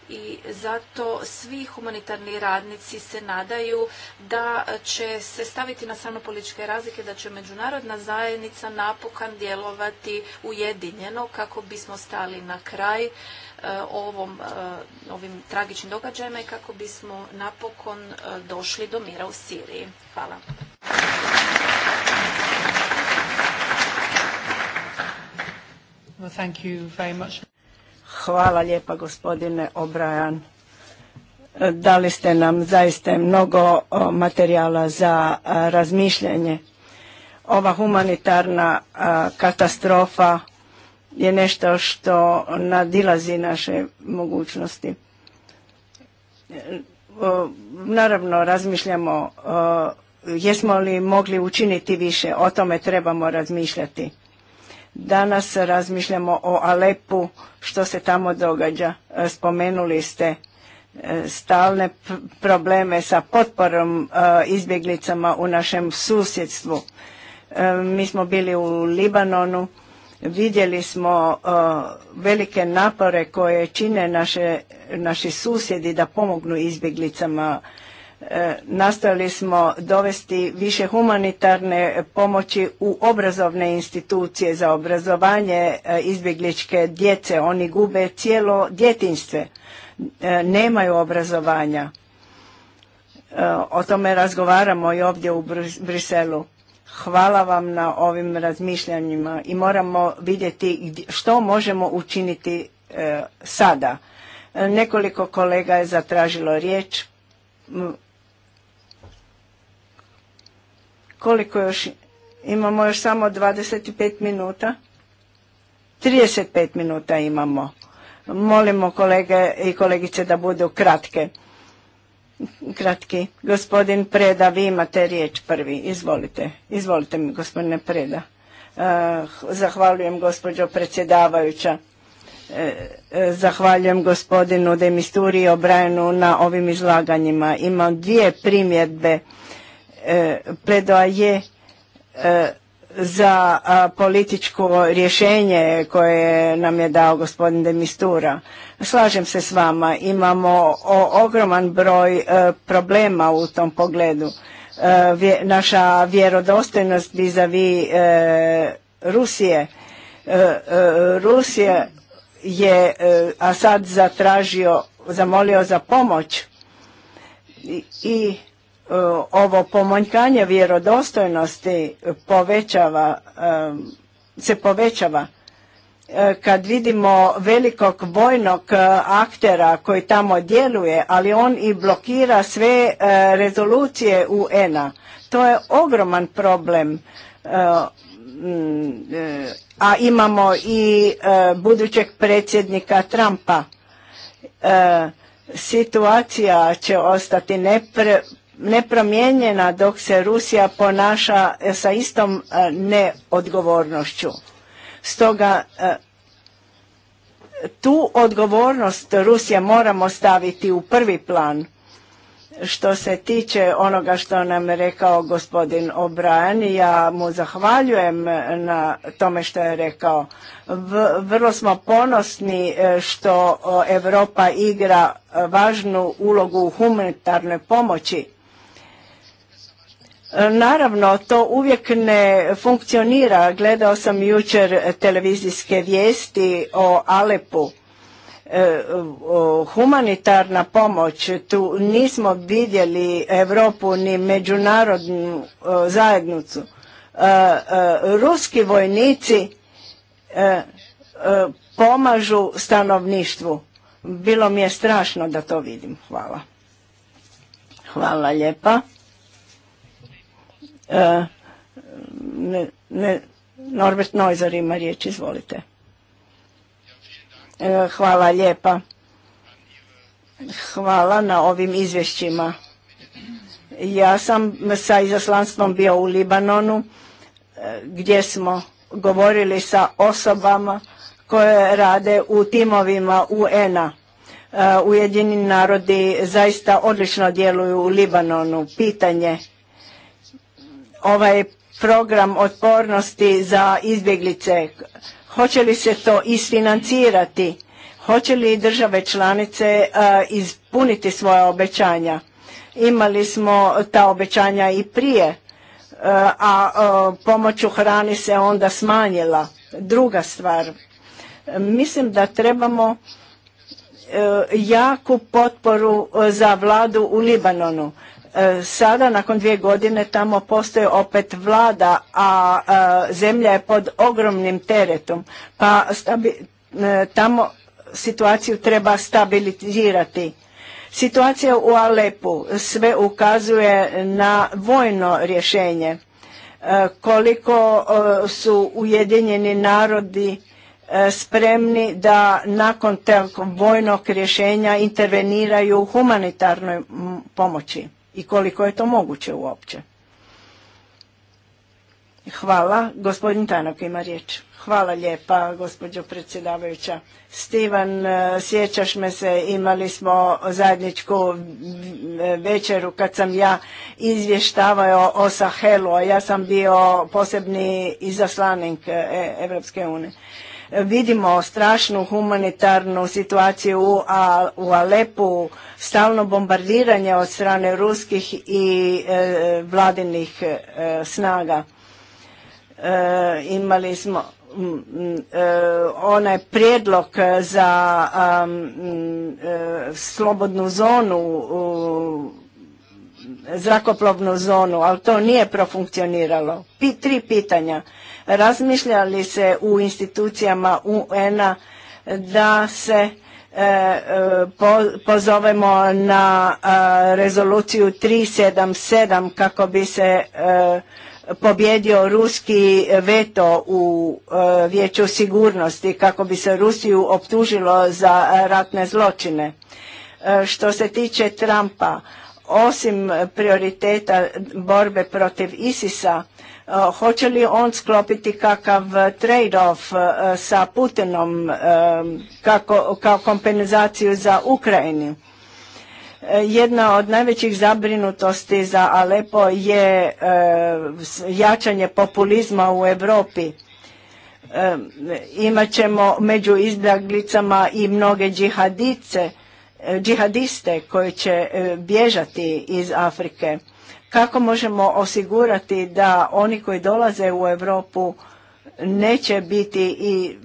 i zato svi humanitarni radnici se nadaju da će se staviti na strano političke razlike, da će međunarodna zajednica napokan djelovati ujedinjeno kako bismo stali na kraj e, ovom, e, ovim tragičnim događajima i kako bismo napokon e, došli do mira u Siriji. Hvala.
Well, thank you very much.
Hvala lijepa gospodine Obrajan. Dali ste nam zaista mnogo materijala za razmišljanje. Ova humanitarna katastrofa je nešto što nadilazi naše mogućnosti. Naravno, razmišljamo jesmo li mogli učiniti više, o tome trebamo razmišljati. Danas razmišljamo o Alepu, što se tamo događa. E, spomenuli ste e, stalne probleme sa potporom e, izbjeglicama u našem susjedstvu. Mi smo bili u Libanonu, vidjeli smo velike napore koje čine naše, naši susjedi da pomognu izbjeglicama E, nastojali smo dovesti više humanitarne pomoći u obrazovne institucije za obrazovanje e, izbjegličke djece. Oni gube cijelo djetinjstve, nemaju obrazovanja. E, o tome razgovaramo i ovdje u Briselu. Hvala vam na ovim razmišljanjima i moramo vidjeti što možemo učiniti sada. Nekoliko kolega je zatražilo riječ Koliko još? Imamo još samo 25 minuta. 35 minuta imamo. Molimo kolege i kolegice da budu kratke. Kratki. Gospodin Preda, vi imate riječ prvi. Izvolite. Izvolite mi, gospodine Preda. Eh, zahvaljujem, gospođo predsjedavajuća. Eh, eh, zahvaljujem gospodinu Demisturi i Obrajenu na ovim izlaganjima. Imam dvije primjedbe predoaje e, za političko rješenje koje nam je dao gospodin de Mistura. Slažem se s vama, imamo ogroman broj e, problema u tom pogledu. E, naša vjerodostojnost vis-a-vis Rusije. Rusija je Asad zatražio, zamolio za pomoć i E, ovo pomanjkanje vjerodostojnosti povećava, e, se povećava e, kad vidimo velikog vojnog aktera koji tamo djeluje, ali on i blokira sve rezolucije UN-a. To je ogroman problem. A imamo i budućeg predsjednika Trumpa. Situacija će ostati nepre nepromijenjena dok se Rusija ponaša e, sa istom e, neodgovornošću. Stoga e, tu odgovornost Rusije moramo staviti u prvi plan što se tiče onoga što nam je rekao gospodin O'Brien, ja mu zahvaljujem na tome što je rekao. vrlo smo ponosni što Europa igra važnu ulogu u humanitarnoj pomoći E, naravno, to uvijek ne funkcionira. Gledao sam jučer televizijske vijesti o Alepu. E, humanitarna pomoć, tu nismo vidjeli Europu ni međunarodnu e, zajednicu. ruski vojnici pomažu stanovništvu. Bilo mi je strašno da to vidim. Hvala. Hvala lijepa. E, ne, ne, Norbert Neuzer ima riječ, izvolite. E, hvala lijepa. Hvala na ovim izvješćima. Ja sam sa izaslanstvom bio u Libanonu e, gdje smo govorili sa osobama koje rade u timovima UN-a. narodi zaista odlično djeluju u Libanonu. Pitanje ovaj program otpornosti za izbjeglice? Hoće li se to isfinancirati? Hoće li države članice e, ispuniti svoja obećanja? Imali smo ta obećanja i prije, e, a e, pomoć u hrani se onda smanjila. Druga stvar, mislim da trebamo jaku potporu za vladu u Libanonu. E, sada, nakon dvije godine, tamo postoje opet vlada, a zemlja je pod ogromnim teretom. Pa e, tamo situaciju treba stabilizirati. Situacija u Alepu sve ukazuje na vojno rješenje. E, koliko su ujedinjeni narodi spremni da nakon tog vojnog rješenja interveniraju u humanitarnoj pomoći i koliko je to moguće uopće. Hvala. Gospodin Tanok ima riječ. Hvala lijepa, gospođo predsjedavajuća. Stivan, e, sjećaš me se, imali smo zajedničku večeru kad sam ja izvještavao o Sahelu, a ja sam bio posebni izaslanik e, Evropske unije. Vidimo strašnu humanitarnu situaciju u, a, u Alepu, stalno bombardiranje od strane ruskih i e, vladinih e, snaga. E, imali smo e, onaj prijedlog za e, slobodnu zonu u zrakoplovnu zonu, ali to nije profunkcioniralo. tri pitanja. Razmišlja li se u institucijama UN-a da se e, e, pozovemo na e, rezoluciju 377 kako bi se pobjedio ruski veto u vijeću sigurnosti kako bi se Rusiju optužilo za ratne zločine. što se tiče Trumpa, osim prioriteta borbe protiv ISIS-a, e, hoće li on sklopiti kakav trade-off e, sa Putinom e, kao kompenzaciju za Ukrajinu? Jedna od najvećih zabrinutosti za Alepo je jačanje populizma u Europi. Imaćemo među izbjeglicama i mnoge džihadice džihadiste koji će e, bježati iz Afrike. Kako možemo osigurati da oni koji dolaze u Europu neće biti i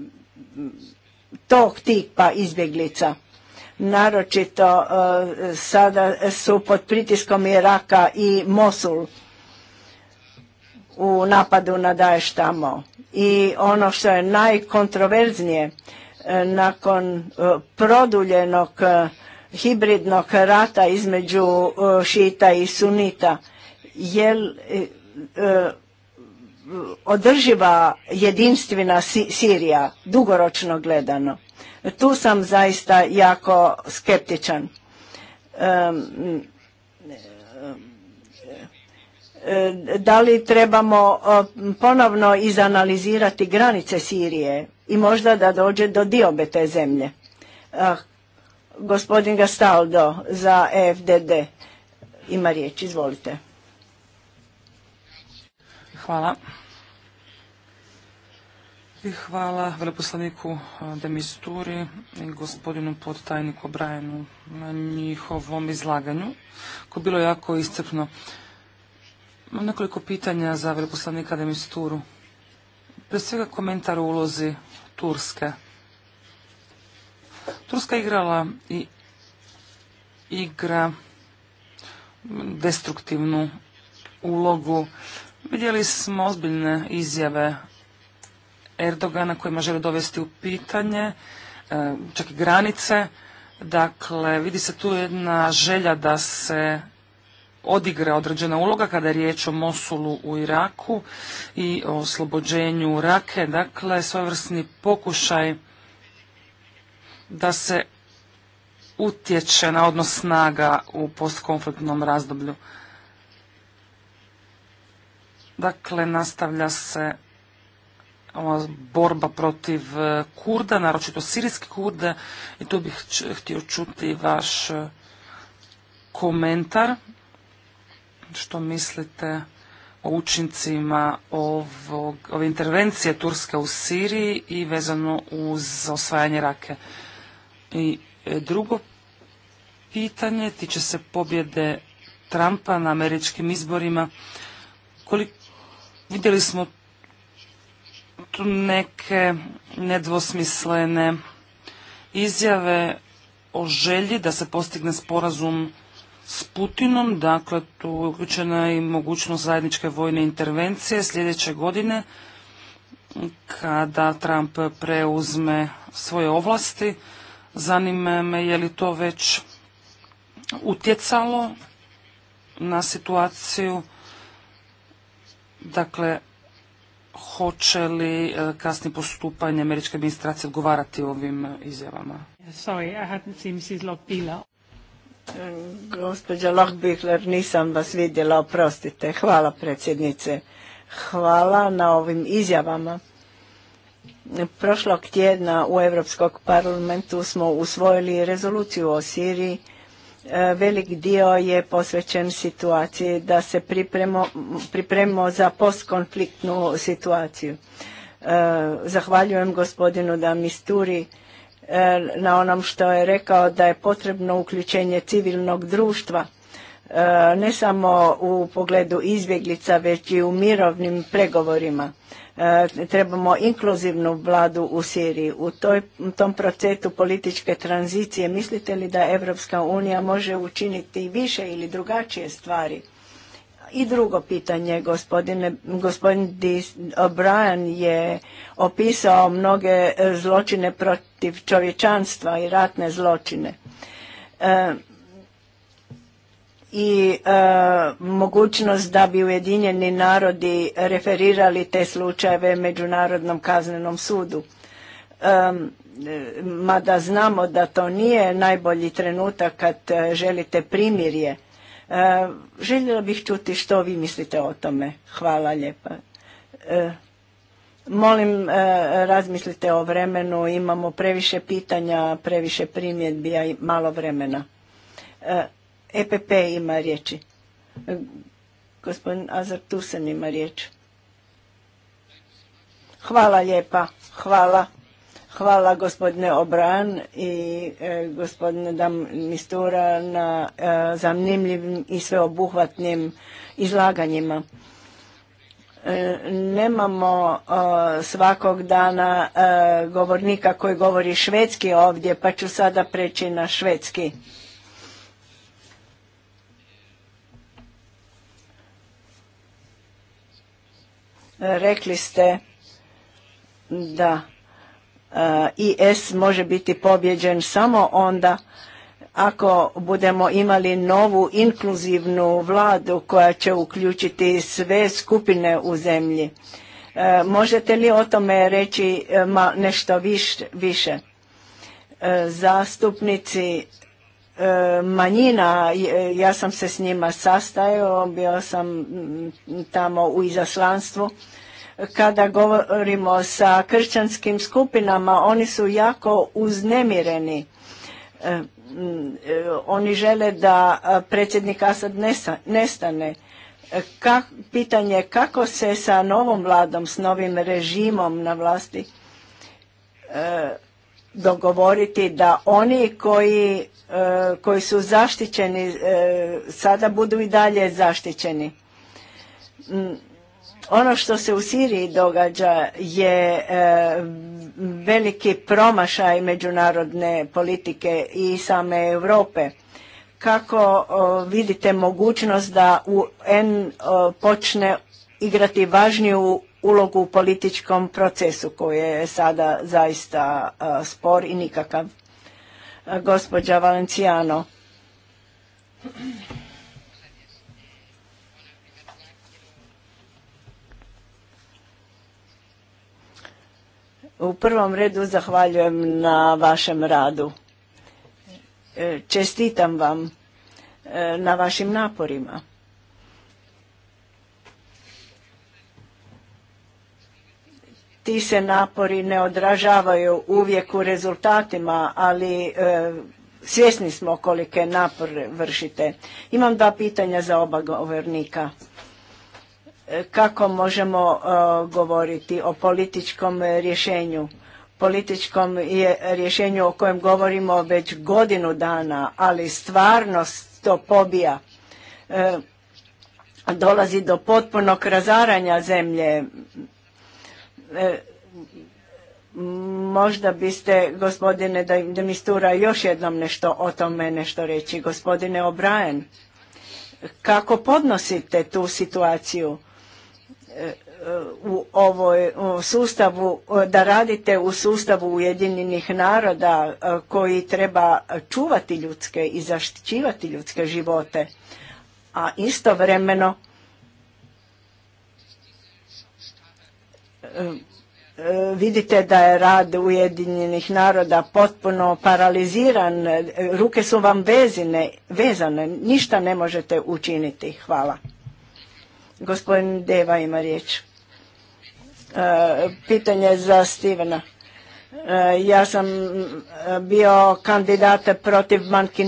tog tipa izbjeglica? Naročito e, sada su pod pritiskom Iraka i Mosul u napadu na Daesh tamo. I ono što je najkontroverznije, e, nakon produljenog hibridnog rata između e, šita i sunita jel e, e, održiva jedinstvena Sirija dugoročno gledano. Tu sam zaista jako skeptičan. Da li trebamo ponovno izanalizirati granice Sirije i možda da dođe do diobe te zemlje? Gospodin Gastaldo za EFDD ima riječ, izvolite.
Hvala. I hvala veleposlaniku eh, Demisturi i gospodinu podtajniku Brajanu na njihovom izlaganju, koje je bilo jako iscrpno. Imam nekoliko pitanja za veleposlanika Demisturu. Pre svega komentar ulozi Turske Turska igrala i igra destruktivnu ulogu. Vidjeli smo ozbiljne izjave Erdogana kojima želi dovesti u pitanje e, čak i granice. Dakle, vidi se tu jedna želja da se odigra određena uloga kada je riječ o Mosulu u Iraku i o oslobođenju Rake. Dakle, svojevrsni pokušaj da se utječe na odnos snaga u postkonfliktnom razdoblju. Dakle, nastavlja se ova borba protiv e, Kurda, naročito sirijski Kurde i tu bih htio čuti vaš e, komentar što mislite o učincima ove intervencije Turske u Siriji i vezano uz osvajanje rake. I e, drugo pitanje tiče se pobjede Trumpa na američkim izborima. vidjeli smo tu neke nedvosmislene izjave o želji da se postigne sporazum s Putinom, dakle tu je uključena i mogućnost zajedničke vojne intervencije sljedeće godine kada Trump preuzme svoje ovlasti. Zanima me je li to već utjecalo na situaciju, dakle, hoće li e, kasni postupanje američke administracije odgovarati ovim izjavama? Sorry, I hadn't seen Mrs. E, Gospođa
nisam vas vidjela, oprostite. Hvala predsjednice. Hvala na ovim izjavama. Prošlog tjedna u Europskog parlamentu smo usvojili rezoluciju o Siriji. E, velik dio je posvećen situaciji da se pripremo, pripremimo za postkonfliktnu situaciju. E, zahvaljujem gospodinu Damisturi e, na onom što je rekao da je potrebno uključenje civilnog društva ne samo u pogledu izbjeglica već i u mirovnim pregovorima. E, trebamo inkluzivnu vladu u Siriji. U tom procesu političke tranzicije mislite li da Evropska unija može učiniti više ili drugačije stvari? I drugo pitanje, gospodine, gospodin O'Brien je opisao mnoge zločine protiv čovječanstva i ratne zločine. E, i e, mogućnost da bi Ujedinjeni narodi referirali te slučajeve Međunarodnom kaznenom sudu. E, mada znamo da to nije najbolji trenutak kad e, želite primirje. E, željela bih čuti što vi mislite o tome. Hvala lijepa. Molim, razmislite o vremenu, imamo previše pitanja, previše primjedbi, a malo vremena. EPP ima riječi. E, gospodin Azar Tusen ima riječ. Hvala lijepa, hvala. Hvala gospodine Obran i e, gospodine Dam na e, zanimljivim i sveobuhvatnim izlaganjima. nemamo svakog dana govornika koji govori švedski ovdje, pa ću sada preći na švedski. Rekli ste da e, IS može biti pobjeđen samo onda ako budemo imali novu inkluzivnu vladu koja će uključiti sve skupine u zemlji. E, možete li o tome reći e, nešto više? Zastupnici E, manjina, ja sam se s njima sastajao, bio sam tamo u izaslanstvu. Kada govorimo sa kršćanskim skupinama, oni su jako uznemireni. E, e, oni žele da predsjednik Asad nestane. pitanje kako se sa novom vladom, s novim režimom na vlasti, dogovoriti da oni koji, e, koji su zaštićeni e, sada budu i dalje zaštićeni. Mm, ono što se u Siriji događa je e, veliki promašaj međunarodne politike i same Europe. Kako vidite mogućnost da UN počne igrati važniju ulogu u političkom procesu koji je sada zaista spor i nikakav. Gospođa Valencijano. U prvom redu zahvaljujem na vašem radu. E, čestitam vam e, na vašim naporima. ti se napori ne odražavaju uvijek u rezultatima, ali e, svjesni smo kolike napor vršite. Imam dva pitanja za oba govornika. E, kako možemo e, govoriti o političkom rješenju? Političkom je rješenju o kojem govorimo već godinu dana, ali stvarnost to pobija. dolazi do potpunog razaranja zemlje E, možda biste, gospodine Demistura, još jednom nešto o tome nešto reći. Gospodine O'Brien kako podnosite tu situaciju e, e, u ovoj sustavu, da radite u sustavu Ujedinjenih naroda koji treba čuvati ljudske i zaštićivati ljudske živote, a istovremeno E, vidite da je rad Ujedinjenih naroda potpuno paraliziran, e, ruke su vam vezine, vezane, ništa ne možete učiniti. Hvala. Gospodin Deva ima riječ. E, pitanje za Stevena. Ja sam bio kandidat protiv Ban ki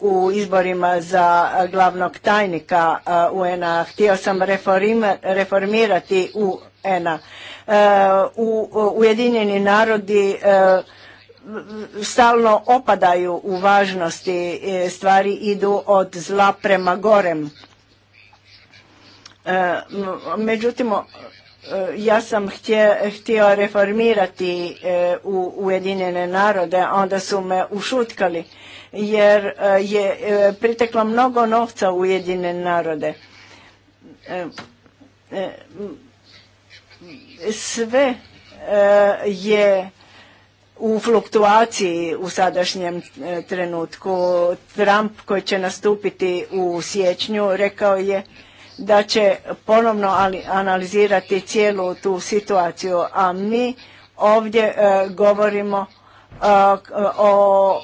u izborima za glavnog tajnika una a Htio sam reformirati u un e, Ujedinjeni narodi e, stalno opadaju u važnosti, e, stvari idu od zla prema gorem. Međutim, ja sam htio, reformirati Ujedinjene narode, onda su me ušutkali jer je priteklo mnogo novca Ujedinjene narode sve e, je u fluktuaciji u sadašnjem e, trenutku. Trump koji će nastupiti u siječnju rekao je da će ponovno analizirati cijelu tu situaciju, a mi ovdje e, govorimo o,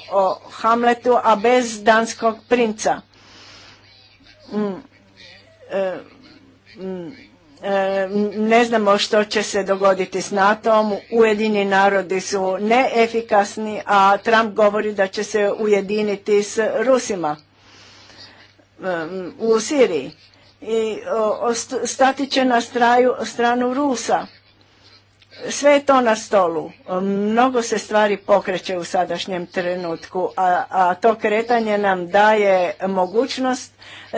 Hamletu, a bez danskog princa. Mm, mm ne znamo što će se dogoditi s NATO-om, Ujedini narodi su neefikasni, a Trump govori da će se ujediniti s Rusima u Siriji i stati će na stranu Rusa. Sve je to na stolu. Mnogo se stvari pokreće u sadašnjem trenutku, a, to kretanje nam daje mogućnost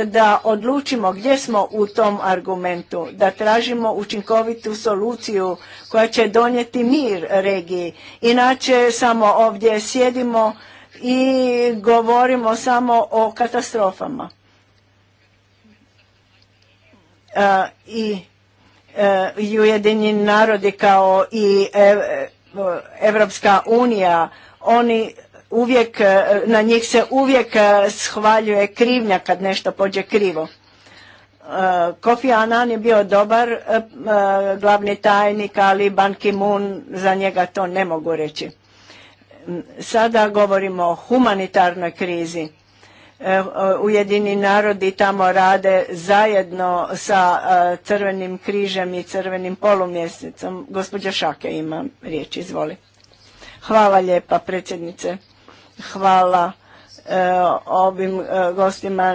da odlučimo gdje smo u tom argumentu, da tražimo učinkovitu soluciju koja će donijeti mir regiji. Inače samo ovdje sjedimo i govorimo samo o katastrofama. I E, i Ujedinjeni narodi kao i e, e, Evropska unija, oni uvijek, na njih se uvijek shvaljuje krivnja kad nešto pođe krivo. Kofi Annan je bio dobar glavni tajnik, ali Ban Ki-moon za njega to ne mogu reći. Sada govorimo o humanitarnoj krizi E, Ujedini narodi tamo rade zajedno sa e, Crvenim križem i Crvenim polumjesecom. Gospođa Šake ima riječ, izvoli. Hvala lijepa predsjednice. Hvala e, ovim gostima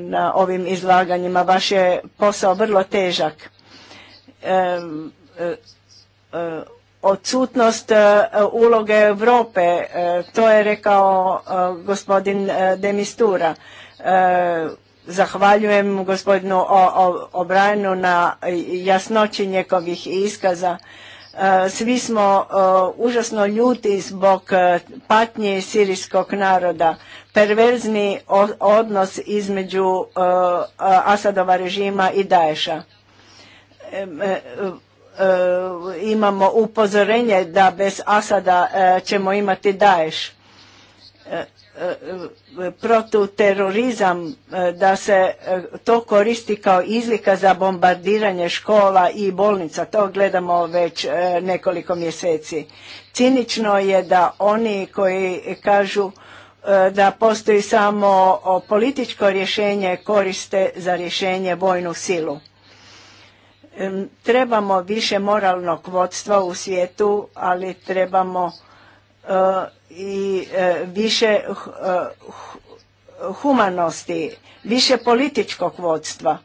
na ovim izlaganjima. Vaš je posao vrlo težak odsutnost e, uloge Europe, e, to je rekao e, gospodin Demistura. Zahvaljujem gospodinu Obrajnu na jasnoći njegovih iskaza. Svi smo užasno ljuti zbog patnje sirijskog naroda. Perverzni odnos između Asadova režima i Daesha E, imamo upozorenje da bez Asada e, ćemo imati Daješ. E, Protuterorizam, da se to koristi kao izlika za bombardiranje škola i bolnica, to gledamo već nekoliko mjeseci. Cinično je da oni koji kažu da postoji samo političko rješenje koriste za rješenje vojnu silu. Trebamo više moralnog vodstva u svijetu, ali trebamo e, i e, više e, humanosti, više političkog vodstva.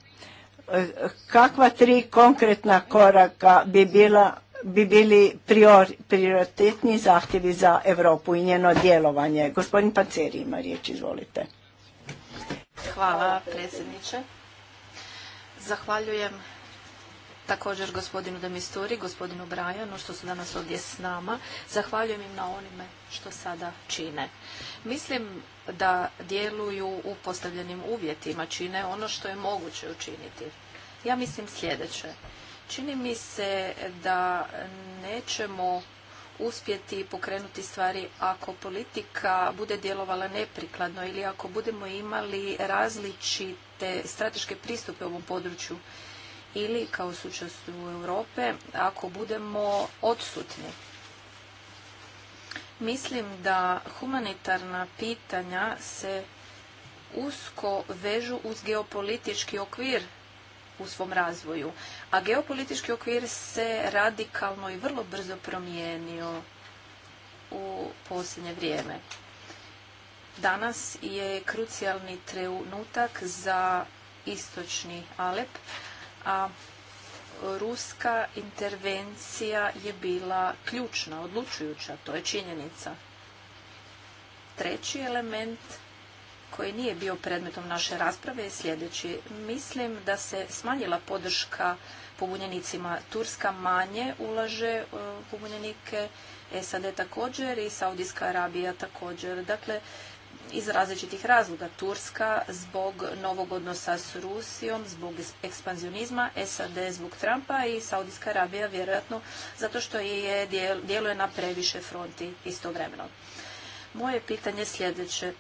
Kakva tri konkretna koraka bi, bila, bi bili prioritetni zahtjevi za Europu i njeno djelovanje? Gospodin Panceri ima riječ, izvolite.
Hvala predsjedniče. Zahvaljujem također gospodinu Demisturi, gospodinu Brajanu što su danas ovdje s nama. Zahvaljujem im na onime što sada čine. Mislim da djeluju u postavljenim uvjetima, čine ono što je moguće učiniti. Ja mislim sljedeće. Čini mi se da nećemo uspjeti pokrenuti stvari ako politika bude djelovala neprikladno ili ako budemo imali različite strateške pristupe u ovom području ili kao u Europe ako budemo odsutni. Mislim da humanitarna pitanja se usko vežu uz geopolitički okvir u svom razvoju, a geopolitički okvir se radikalno i vrlo brzo promijenio u posljednje vrijeme. Danas je krucijalni trenutak za istočni Alep, a ruska intervencija je bila ključna, odlučujuća, to je činjenica. Treći element koji nije bio predmetom naše rasprave je sljedeći. Mislim da se smanjila podrška pobunjenicima. Turska manje ulaže e, pobunjenike, SAD također i Saudijska Arabija također. Dakle, iz različitih razloga. Turska zbog novog odnosa s Rusijom, zbog ekspanzionizma, SAD zbog Trumpa i Saudijska Arabija vjerojatno zato što je djeluje na previše fronti istovremeno. Moje pitanje sljedeće.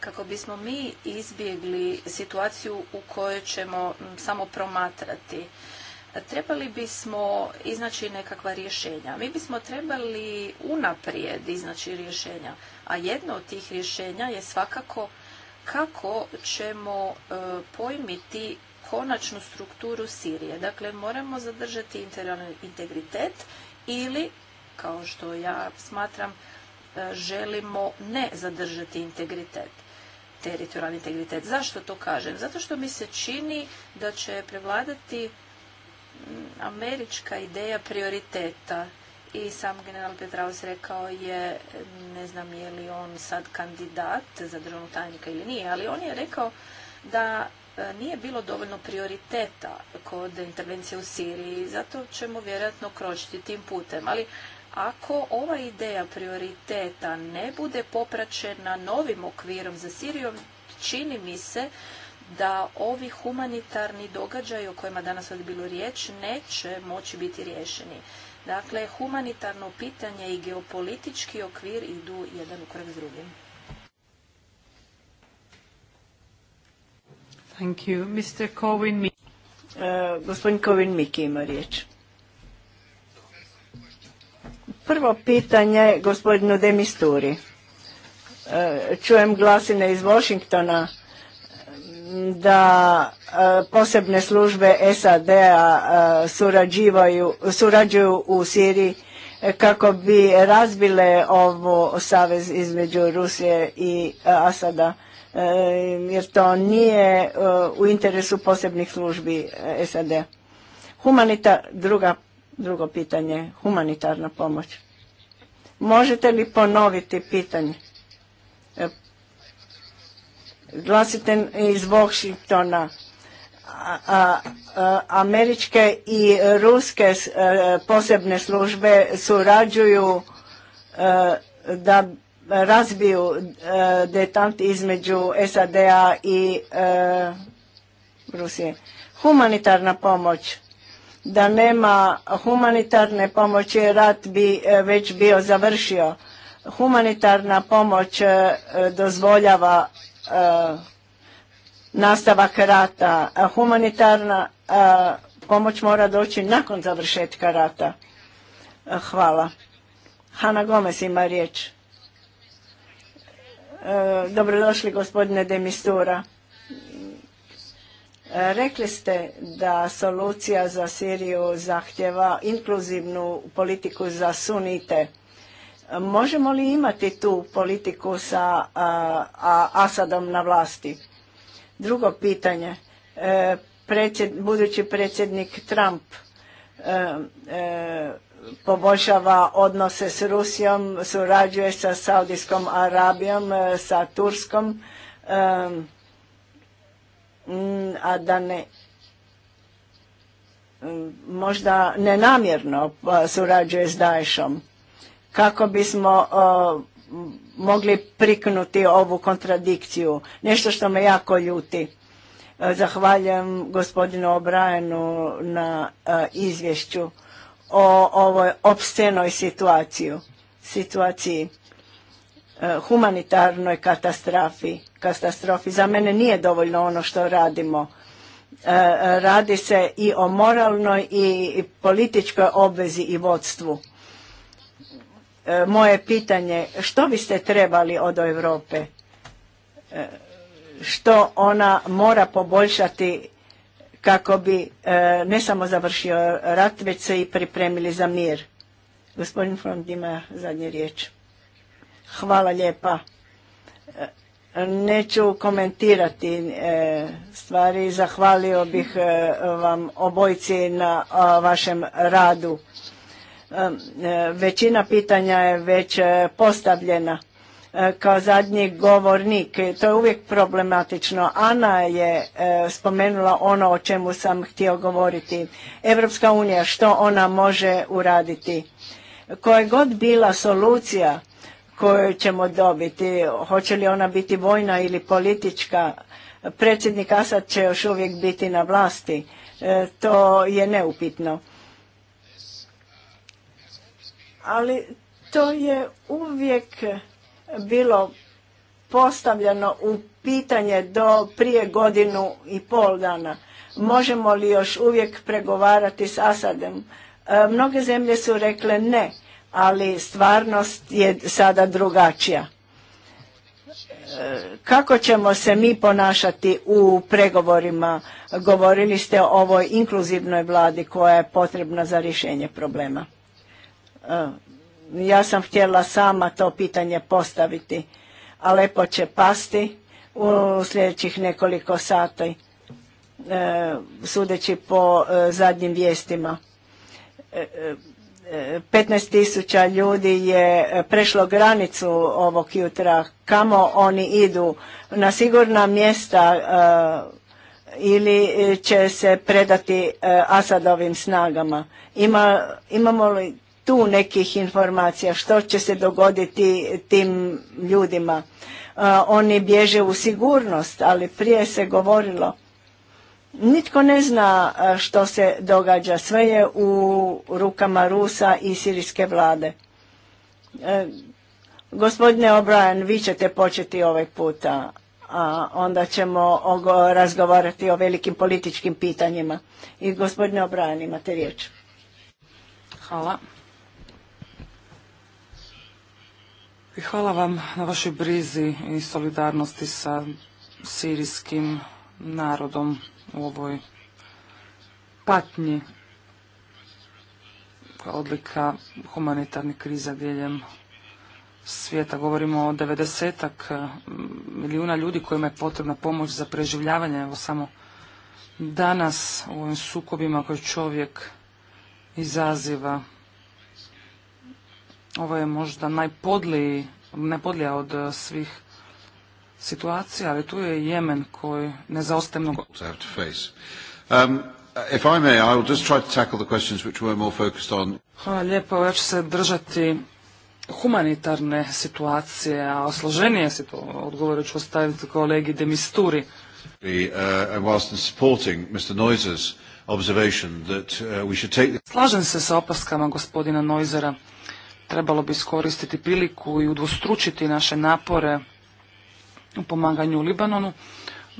Kako bismo mi izbjegli situaciju u kojoj ćemo samo promatrati, trebali bismo iznaći nekakva rješenja. Mi bismo trebali unaprijed iznaći rješenja a jedno od tih rješenja je svakako kako ćemo e, pojmiti konačnu strukturu Sirije. Dakle, moramo zadržati integritet ili, kao što ja smatram, e, želimo ne zadržati integritet teritorijalni integritet. Zašto to kažem? Zato što mi se čini da će prevladati američka ideja prioriteta i sam general Petraus rekao je, ne znam je li on sad kandidat za državnog tajnika ili nije, ali on je rekao da e, nije bilo dovoljno prioriteta kod intervencije u Siriji, zato ćemo vjerojatno kročiti tim putem. Ali ako ova ideja prioriteta ne bude popraćena novim okvirom za Siriju, čini mi se da ovi humanitarni događaji o kojima danas ovdje bilo riječ neće moći biti riješeni. Dakle, humanitarno pitanje i geopolitički okvir idu jedan u krok s
drugim. Thank you.
Mr. Kovin, e, gospodin Kovin Miki ima riječ. Prvo pitanje gospodinu Demisturi. E, čujem glasine iz Washingtona da e, posebne službe SAD-a e, surađuju u Siriji e, kako bi razbile ovo savez između Rusije i Asada jer to nije u interesu posebnih službi SAD. a drugo pitanje, humanitarna pomoć. Možete li ponoviti pitanje? glasite iz Washingtona američke i ruske e, posebne službe surađuju e, da razbiju e, detant između SAD-a i Rusije. Humanitarna pomoć. Da nema humanitarne pomoći rat bi već bio završio. Humanitarna pomoć dozvoljava E, nastavak rata. Humanitarna e, pomoć mora doći nakon završetka rata. E, hvala. Hana Gomez ima riječ. Dobrodošli gospodine Demistura. Rekli ste da solucija za Siriju zahtjeva inkluzivnu politiku za sunite. Možemo li imati tu politiku sa Asadom na vlasti? Drugo pitanje. E, budući predsjednik Trump e, e, poboljšava odnose s Rusijom, surađuje sa Saudijskom Arabijom, sa Turskom, a da ne možda nenamjerno surađuje s Daješom kako bismo mogli priknuti ovu kontradikciju. Nešto što me jako ljuti. E, zahvaljujem gospodinu Obrajanu na e, izvješću o ovoj opstenoj situaciji. situaciji e, humanitarnoj katastrofi. katastrofi. Za mene nije dovoljno ono što radimo. Radi se i o moralnoj i političkoj obvezi i vodstvu moje pitanje što biste trebali od Europe e, što ona mora poboljšati kako bi e, ne samo završio rat već se i pripremili za mir gospodin Frond ima zadnje riječ hvala lijepa e, neću komentirati stvari zahvalio bih vam obojci na vašem radu E, većina pitanja je već e, postavljena e, kao zadnji govornik. To je uvijek problematično. Ana je spomenula ono o čemu sam htio govoriti. Evropska unija, što ona može uraditi? koje god bila solucija koju ćemo dobiti, hoće li ona biti vojna ili politička, predsjednik Asad će još uvijek biti na vlasti. To je neupitno ali to je uvijek bilo postavljeno u pitanje do prije godinu i pol dana. Možemo li još uvijek pregovarati s Asadem? E, mnoge zemlje su rekle ne, ali stvarnost je sada drugačija. E, kako ćemo se mi ponašati u pregovorima? Govorili ste o ovoj inkluzivnoj vladi koja je potrebna za rješenje problema. Ja sam htjela sama to pitanje postaviti, a lepo će pasti u sljedećih nekoliko sati, e, sudeći po e, zadnjim vijestima. 15.000 e, ljudi je prešlo granicu ovog jutra. Kamo oni idu? Na sigurna mjesta ili će se predati Asadovim snagama? imamo li tu nekih informacija što će se dogoditi tim ljudima. E, oni bježe u sigurnost, ali prije se govorilo Nitko ne zna e, što se događa, sve je u rukama Rusa i sirijske vlade. E, gospodine O'Brien, vi ćete početi ovaj puta, a onda ćemo razgovarati o velikim političkim pitanjima. I gospodine O'Brien, imate riječ. Hvala.
I hvala vam na vašoj brizi i solidarnosti sa sirijskim narodom u ovoj patnji odlika humanitarnih kriza diljem svijeta. Govorimo o 90 eh, milijuna ljudi kojima je potrebna pomoć za preživljavanje. Evo samo danas u ovim sukobima koje čovjek izaziva ovo je možda najpodliji, najpodlija od e, svih situacija, ali tu je Jemen koji ne zaostaje mnogo. Hvala lijepo, ja ću se držati humanitarne situacije, a složenije se to odgovore ću ostaviti kolegi Demisturi. Uh, uh, Slažem se sa opaskama gospodina Noizera trebalo bi iskoristiti priliku i udvostručiti naše napore u pomaganju Libanonu.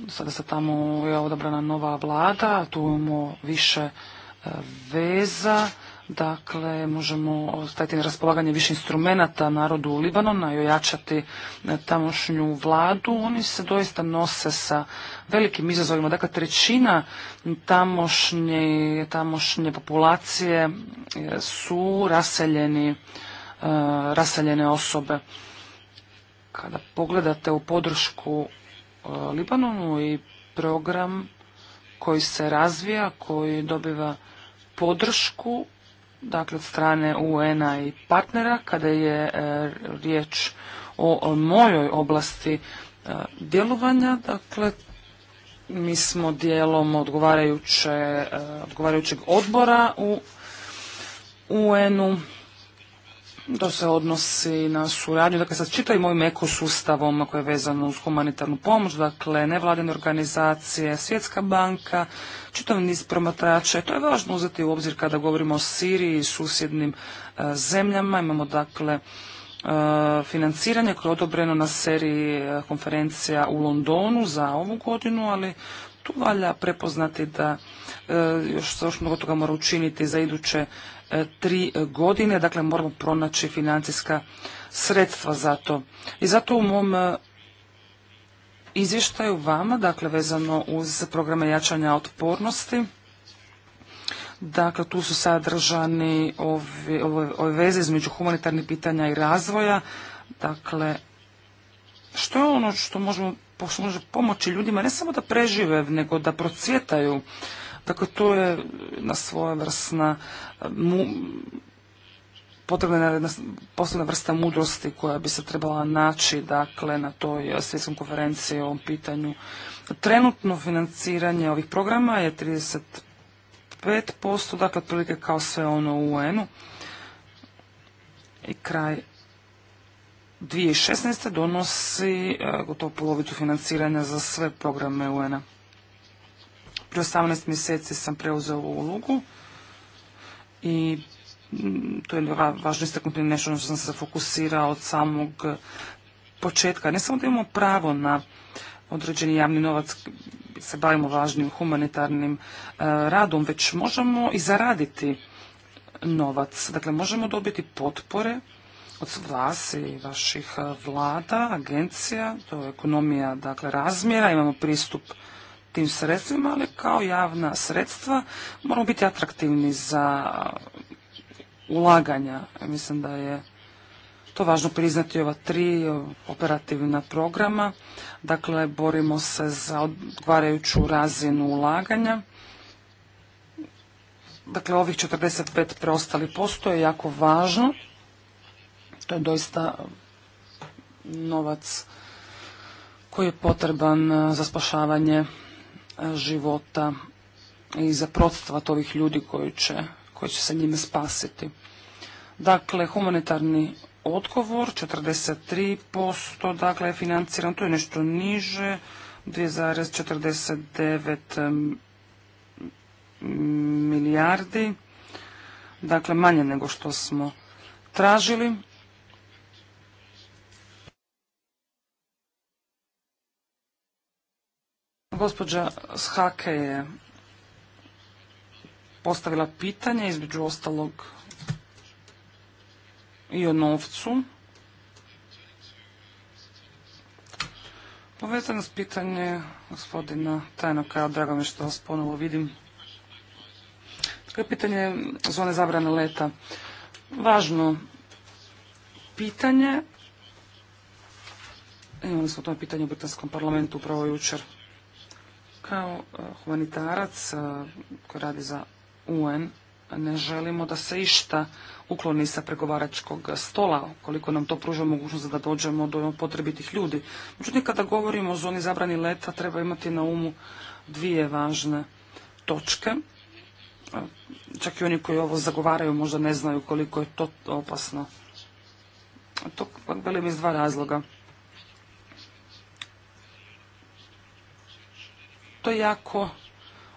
Sada se tamo je odabrana nova vlada, tu imamo više e, veza, dakle možemo staviti na raspolaganje više instrumenata narodu Libanona i ojačati e, tamošnju vladu. Oni se doista nose sa velikim izazovima, dakle trećina tamošnje, tamošnje populacije e, su raseljeni E, raseljene osobe. Kada pogledate u podršku e, Libanonu i program koji se razvija, koji dobiva podršku dakle od strane UN-a i partnera kada je e, riječ o, mojoj oblasti djelovanja, dakle mi smo dijelom odgovarajućeg odbora u UN-u to se odnosi na suradnju dakle, sa čitavim ovim ekosustavom koje je vezano uz humanitarnu pomoć, dakle nevladine organizacije, Svjetska banka, čitav niz promatrača. To je važno uzeti u obzir kada govorimo o Siriji i susjednim e, zemljama. Imamo dakle e, financiranje koje je odobreno na seriji e, konferencija u Londonu za ovu godinu, ali tu valja prepoznati da E, još se još mnogo toga mora učiniti za iduće e, tri godine, dakle moramo pronaći financijska sredstva za to. I zato u mom e, izvještaju vama, dakle vezano uz programe jačanja otpornosti, Dakle, tu su sadržani ove, veze između humanitarnih pitanja i razvoja. Dakle, što je ono što možemo, što može pomoći ljudima ne samo da prežive, nego da procvjetaju Dakle, tu je na svojevrsna e, potrebna je posebna vrsta mudrosti koja bi se trebala naći dakle na toj e, svjetskom konferenciji o ovom pitanju. Trenutno financiranje ovih programa je 35%, dakle otprilike kao sve ono u UN-u. I kraj 2016. donosi e, gotovo polovicu financiranja za sve programe UN-a osamnaest 18 mjeseci sam preuzeo ovu ulogu i mm, to je važno istaknuti nešto na što sam se fokusirao od samog početka. Ne samo da imamo pravo na određeni javni novac, se bavimo važnim humanitarnim e, radom, već možemo i zaraditi novac. Dakle, možemo dobiti potpore od vas i vaših e, vlada, agencija, to je ekonomija dakle, razmjera, imamo pristup tim sredstvima, ali kao javna sredstva moramo biti atraktivni za ulaganja. Mislim da je to važno priznati ova tri operativna programa. Dakle, borimo se za odgovarajuću razinu ulaganja. Dakle, ovih 45 preostali posto je jako važno. To je doista novac koji je potreban za spašavanje života i za protstvat ovih ljudi koji će, koji će se njime spasiti. Dakle, humanitarni odgovor, 43%, dakle, je financiran, to je nešto niže, 2,49 milijardi, dakle, manje nego što smo tražili. Gospođa Shake je postavila pitanje, između ostalog i o novcu. Povezano s pitanje gospodina Tajnoka, drago mi što vas ponovo vidim. je dakle, pitanje zone zabrane leta. Važno pitanje. Imali smo to pitanje u Britanskom parlamentu upravo jučer. Kao e, humanitarac e, koji radi za UN ne želimo da se išta ukloni sa pregovaračkog stola, koliko nam to pruža mogućnost da dođemo do potrebitih ljudi. Međutim, kada govorimo o zoni zabrani leta, treba imati na umu dvije važne točke. E, čak i oni koji ovo zagovaraju možda ne znaju koliko je to opasno. To velim iz dva razloga. to je jako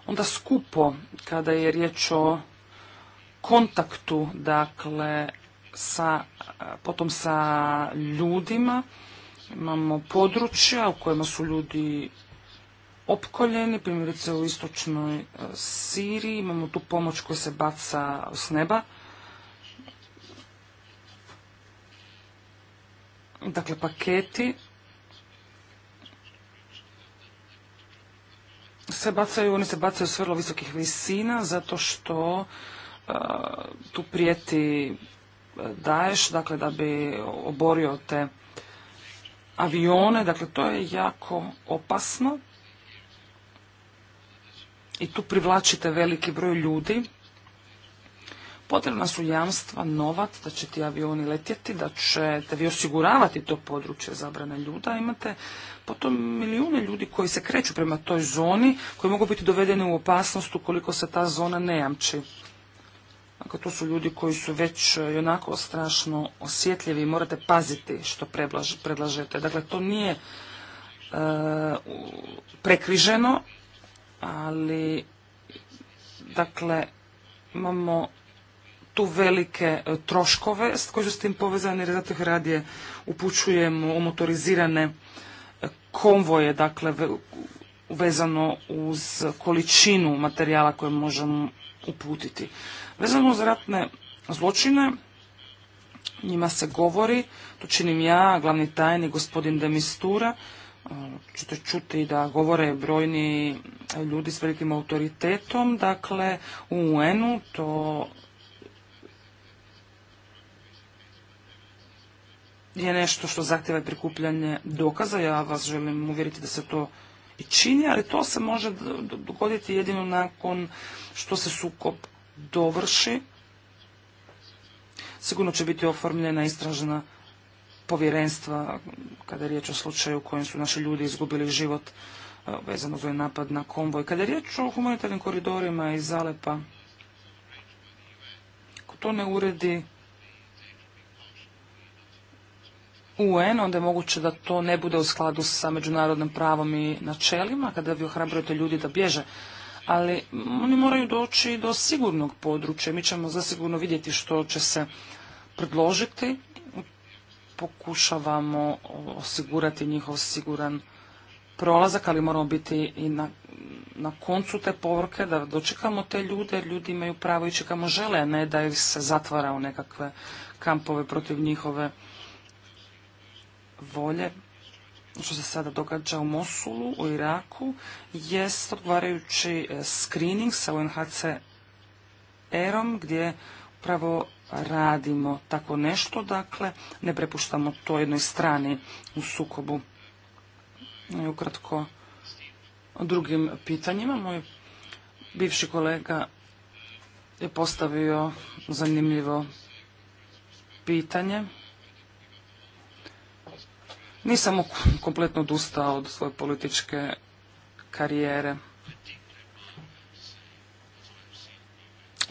onda skupo kada je riječ o kontaktu, dakle, sa, potom sa ljudima. Imamo područja u kojima su ljudi opkoljeni, primjerice u istočnoj e, Siriji, imamo tu pomoć koja se baca s neba. Dakle, paketi se bacaju, oni se bacaju s vrlo visokih visina zato što e, tu prijeti e, daješ, dakle da bi oborio te avione, dakle to je jako opasno i tu privlačite veliki broj ljudi Potrebna su jamstva, novac, da će ti avioni letjeti, da ćete vi osiguravati to područje zabrane ljuda. Imate potom milijune ljudi koji se kreću prema toj zoni, koji mogu biti dovedeni u opasnost ukoliko se ta zona ne jamči. Dakle, to su ljudi koji su već e, onako strašno osjetljivi i morate paziti što predlažete. Dakle, to nije e, prekriženo, ali dakle, imamo tu velike e, troškove koji su s tim povezani, jer zato radije upućujemo u motorizirane e, konvoje, dakle vezano uz količinu materijala koje možemo uputiti. Vezano uz ratne zločine, njima se govori, to činim ja, glavni tajni gospodin Demistura, e, ćete čuti da govore brojni ljudi s velikim autoritetom, dakle u UN-u to je nešto što zahtjeva prikupljanje dokaza. Ja vas želim uvjeriti da se to i čini, ali to se može dogoditi jedino nakon što se sukob dovrši. Sigurno će biti oformljena istražna povjerenstva kada je riječ o slučaju u kojem su naši ljudi izgubili život e, vezano za ovaj napad na konvoj. Kada je riječ o humanitarnim koridorima i Zalepa, ako to ne uredi UN, onda je moguće da to ne bude u skladu sa međunarodnim pravom i načelima, kada vi ohrabrujete ljudi da bježe. Ali oni moraju doći do sigurnog područja. Mi ćemo zasigurno vidjeti što će se predložiti. Pokušavamo osigurati njihov siguran prolazak, ali moramo biti i na, na koncu te povrke, da dočekamo te ljude, ljudi imaju pravo i čekamo žele, a ne da ih se zatvara u nekakve kampove protiv njihove volje što se sada događa u Mosulu, u Iraku, jest odgovarajući e, screening sa UNHCR-om gdje upravo radimo tako nešto, dakle ne prepuštamo to jednoj strani u sukobu. I ukratko o drugim pitanjima. Moj bivši kolega je postavio zanimljivo pitanje nisam kompletno odustao od svoje političke karijere.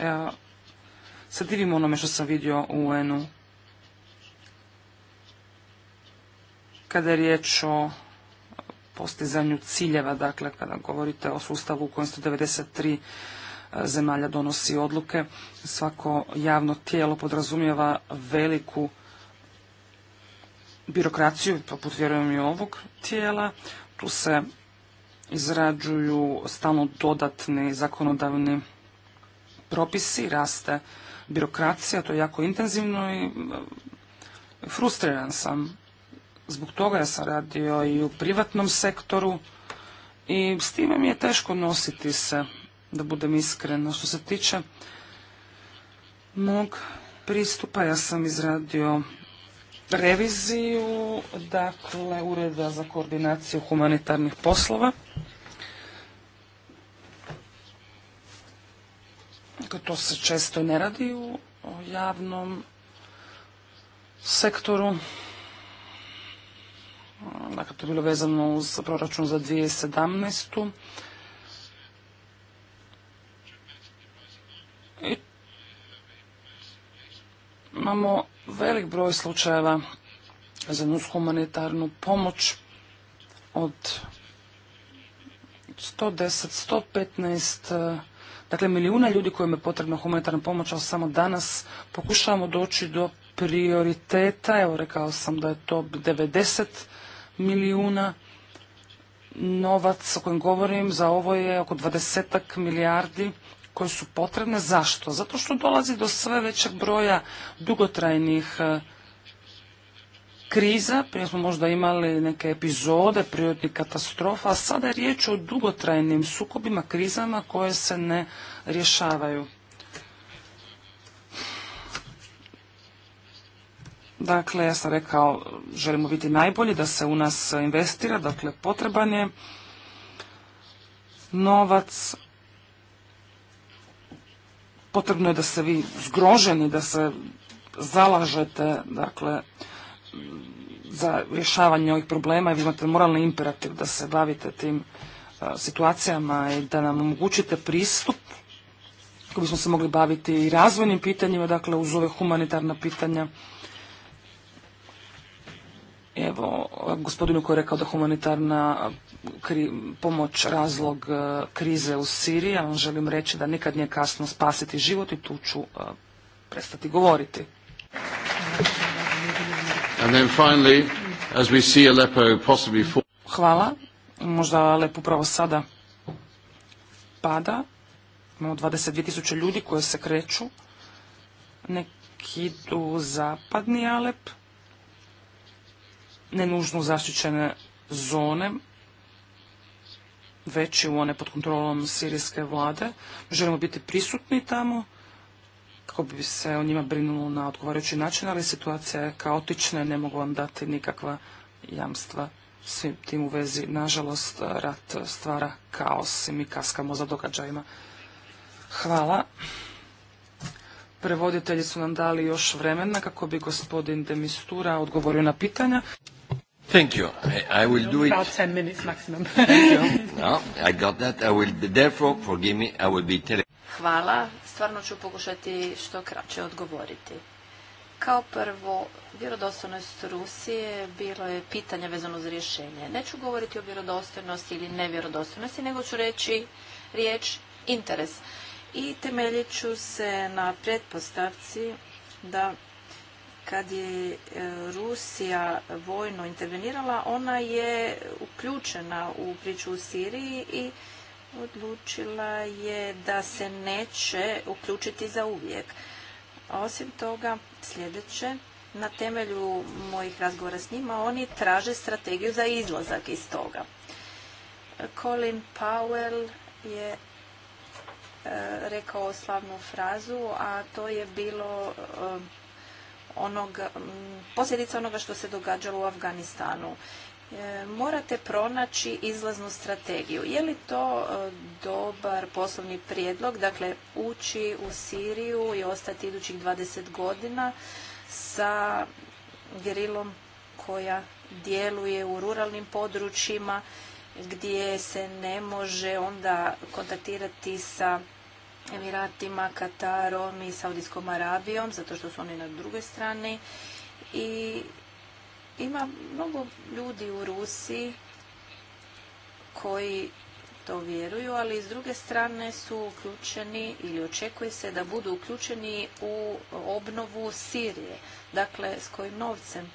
Ja se divim onome što sam vidio u UN-u. Kada je riječ o postizanju ciljeva, dakle kada govorite o sustavu u kojem 193 e, zemalja donosi odluke, svako javno tijelo podrazumijeva veliku birokraciju, poput vjerujem i ovog tijela. Tu se izrađuju stalno dodatni zakonodavni propisi, raste birokracija, to je jako intenzivno i e, frustriran sam. Zbog toga ja sam radio i u privatnom sektoru i s time mi je teško nositi se, da budem iskrena. Što se tiče mog pristupa, ja sam izradio reviziju, dakle, Ureda za koordinaciju humanitarnih poslova. Dakle, to se često ne radi u javnom sektoru. Dakle, to je bilo vezano uz proračun za 2017. imamo velik broj slučajeva za humanitarnu pomoć od 110, 115 eh, dakle milijuna ljudi kojima je potrebna humanitarna pomoć, ali samo danas pokušavamo doći do prioriteta, evo rekao sam da je to 90 milijuna novac o kojem govorim, za ovo je oko 20 milijardi koje su potrebne. Zašto? Zato što dolazi do sve većeg broja dugotrajnih e, kriza, prije smo možda imali neke epizode prirodnih katastrofa, a sada je riječ o dugotrajnim sukobima, krizama koje se ne rješavaju. Dakle, ja sam rekao, želimo biti najbolji, da se u nas investira, dakle, potreban je novac, potrebno je da se vi zgroženi, da se zalažete, dakle, za rješavanje ovih problema i vi imate moralni imperativ da se bavite tim situacijama i da nam omogućite pristup kako bismo se mogli baviti i razvojnim pitanjima, dakle uz ove humanitarna pitanja Evo, gospodinu koji je rekao da humanitarna pomoć razlog krize u Siriji, ja vam želim reći da nikad nije kasno spasiti život i tu ću prestati govoriti. Hvala. Možda Aleppo upravo sada pada. Imamo 22.000 ljudi koje se kreću. Neki idu zapadni Alep nenužno zaštićene zone, već i u one pod kontrolom sirijske vlade. Želimo biti prisutni tamo kako bi se o njima brinulo na odgovarajući način, ali situacija je kaotična ne mogu vam dati nikakva jamstva svim tim u vezi. Nažalost, rat stvara kaos i mi kaskamo za događajima. Hvala. Prevoditelji su nam dali još vremena kako bi gospodin Demistura odgovorio na pitanja. Thank you.
I, will do it. About
10 minutes maximum.
I
got that. I will be, for, forgive me, I will be telling.
Hvala. Stvarno ću pokušati što kraće odgovoriti. Kao prvo, vjerodostojnost Rusije bilo je pitanje vezano za rješenje. Neću govoriti o vjerodostojnosti ili nevjerodostojnosti, nego ću reći riječ interes. I temeljit ću se na pretpostavci da kad je e, Rusija vojno intervenirala, ona je uključena u priču u Siriji i odlučila je da se neće uključiti za uvijek. Osim toga, sljedeće, na temelju mojih razgovora s njima, oni traže strategiju za izlazak iz toga. Colin Powell je e, rekao slavnu frazu, a to je bilo e, onoga, mm, posljedica onoga što se događalo u Afganistanu. E, morate pronaći izlaznu strategiju. Je li to e, dobar poslovni prijedlog, dakle ući u Siriju i ostati idućih 20 godina sa gerilom koja djeluje u ruralnim područjima gdje se ne može onda kontaktirati sa Emiratima, Katarom i Saudijskom Arabijom, zato što su oni na drugoj strani. I ima mnogo ljudi u Rusiji koji to vjeruju, ali s druge strane su uključeni ili očekuje se da budu uključeni u obnovu Sirije. Dakle, s kojim novcem?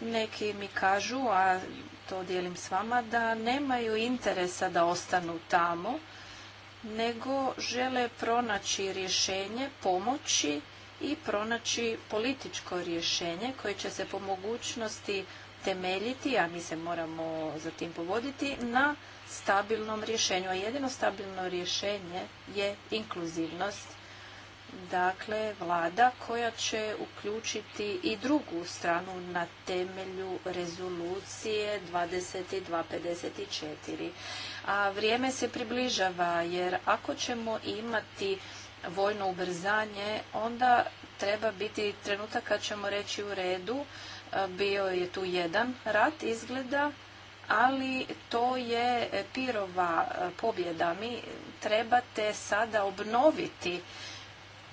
neki mi kažu, a to dijelim s vama, da nemaju interesa da ostanu tamo, nego žele pronaći rješenje, pomoći i pronaći političko rješenje koje će se po mogućnosti temeljiti, a mi se moramo za tim povoditi, na stabilnom rješenju. A jedino stabilno rješenje je inkluzivnost dakle vlada koja će uključiti i drugu stranu na temelju rezolucije 2254. A vrijeme se približava jer ako ćemo imati vojno ubrzanje onda treba biti trenutak kad ćemo reći u redu e, bio je tu jedan rat izgleda ali to je pirova pobjeda. Mi trebate sada obnoviti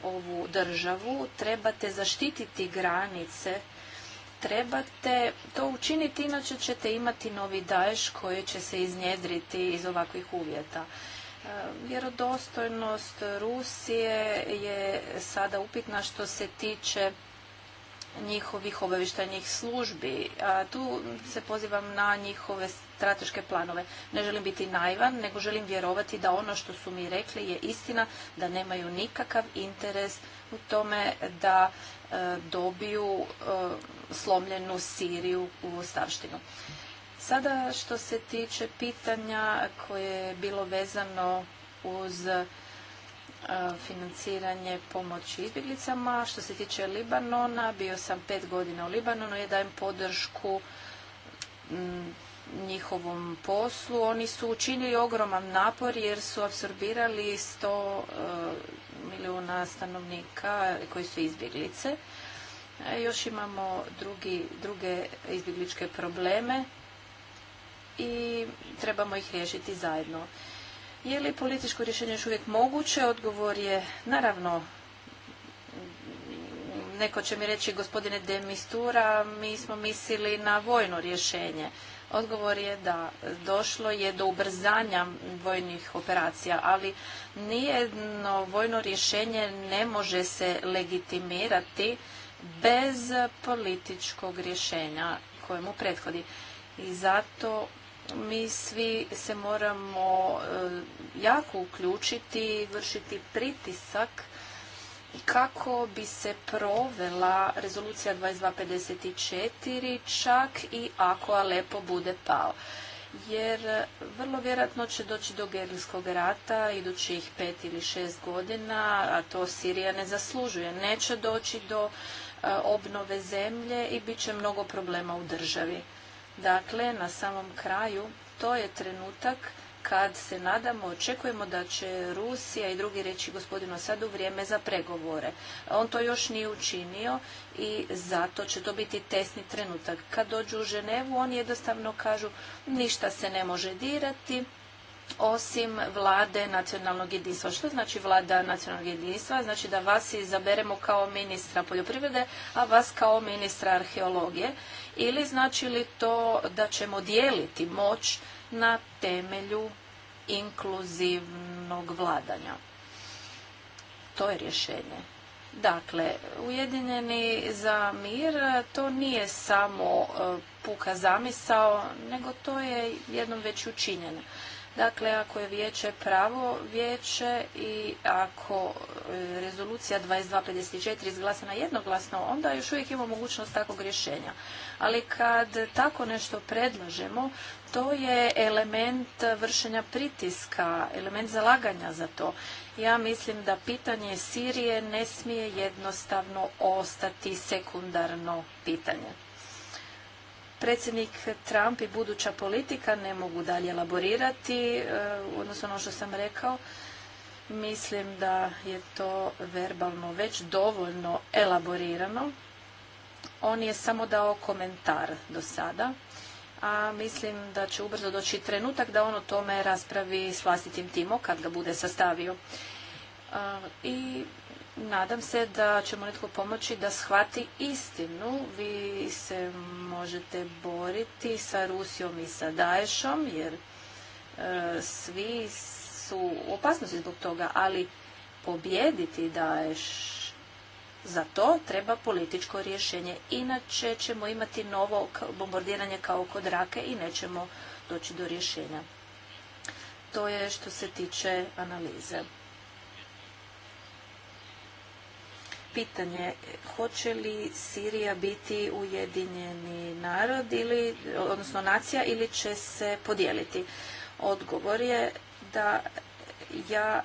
ovu državu, trebate zaštititi granice, trebate to učiniti, inače ćete imati novi daješ koji će se iznjedriti iz ovakvih uvjeta. E, vjerodostojnost Rusije je sada upitna što se tiče njihovih obavještajnih službi. tu se pozivam na njihove strateške planove. Ne želim biti naivan, nego želim vjerovati da ono što su mi rekli je istina, da nemaju nikakav interes u tome da e, dobiju e, slomljenu Siriju u stavštinu. Sada što se tiče pitanja koje je bilo vezano uz financiranje pomoći izbjeglicama. Što se tiče Libanona, bio sam pet godina u Libanonu i dajem podršku njihovom poslu. Oni su učinili ogroman napor jer su absorbirali 100 e, milijuna stanovnika koji su izbjeglice. E, još imamo drugi, druge izbjegličke probleme i trebamo ih riješiti zajedno. Je li političko rješenje još uvijek moguće? Odgovor je naravno neko će mi reći gospodine Demistura, mi smo mislili na vojno rješenje. Odgovor je da došlo je do ubrzanja vojnih operacija, ali nijedno vojno rješenje ne može se legitimirati bez političkog rješenja kojemu prethodi. I zato mi svi se moramo eh, jako uključiti, i vršiti pritisak kako bi se provela rezolucija 2254 čak i ako Alepo bude pao. Jer eh, vrlo vjerojatno će doći do gerilskog rata idućih pet ili šest godina, a to Sirija ne zaslužuje. Neće doći do eh, obnove zemlje i bit će mnogo problema u državi. Dakle, na samom kraju to je trenutak kad se nadamo, očekujemo da će Rusija i drugi reći gospodinu Sadu vrijeme za pregovore. On to još nije učinio i zato će to biti tesni trenutak. Kad dođu u Ženevu, oni jednostavno kažu ništa se ne može dirati, osim vlade nacionalnog jedinstva. Što znači vlada nacionalnog jedinstva? Znači da vas izaberemo kao ministra poljoprivrede, a vas kao ministra arheologije. Ili znači li to da ćemo dijeliti moć na temelju inkluzivnog vladanja? To je rješenje. Dakle, Ujedinjeni za mir to nije samo e, puka zamisao, nego to je jednom već učinjeno. Dakle, ako je vijeće pravo vijeće i ako e, rezolucija 2254 izglasana jednoglasno, onda još uvijek ima mogućnost takvog rješenja. Ali kad tako nešto predlažemo, to je element vršenja pritiska, element zalaganja za to. Ja mislim da pitanje Sirije ne smije jednostavno ostati sekundarno pitanje predsjednik Trump i buduća politika ne mogu dalje elaborirati, e, odnosno ono što sam rekao, mislim da je to verbalno već dovoljno elaborirano. On je samo dao komentar do sada, a mislim da će ubrzo doći trenutak da on o tome raspravi s vlastitim timom kad ga bude sastavio. E, I Nadam se da će mu netko pomoći da shvati istinu. Vi se možete boriti sa Rusijom i sa Daješom, jer e, svi su u opasnosti zbog toga, ali pobjediti Daješ za to treba političko rješenje. Inače ćemo imati novo bombardiranje kao kod rake i nećemo doći do rješenja. To je što se tiče analize. pitanje hoće li Sirija biti ujedinjeni narod ili, odnosno nacija ili će se podijeliti. Odgovor je da ja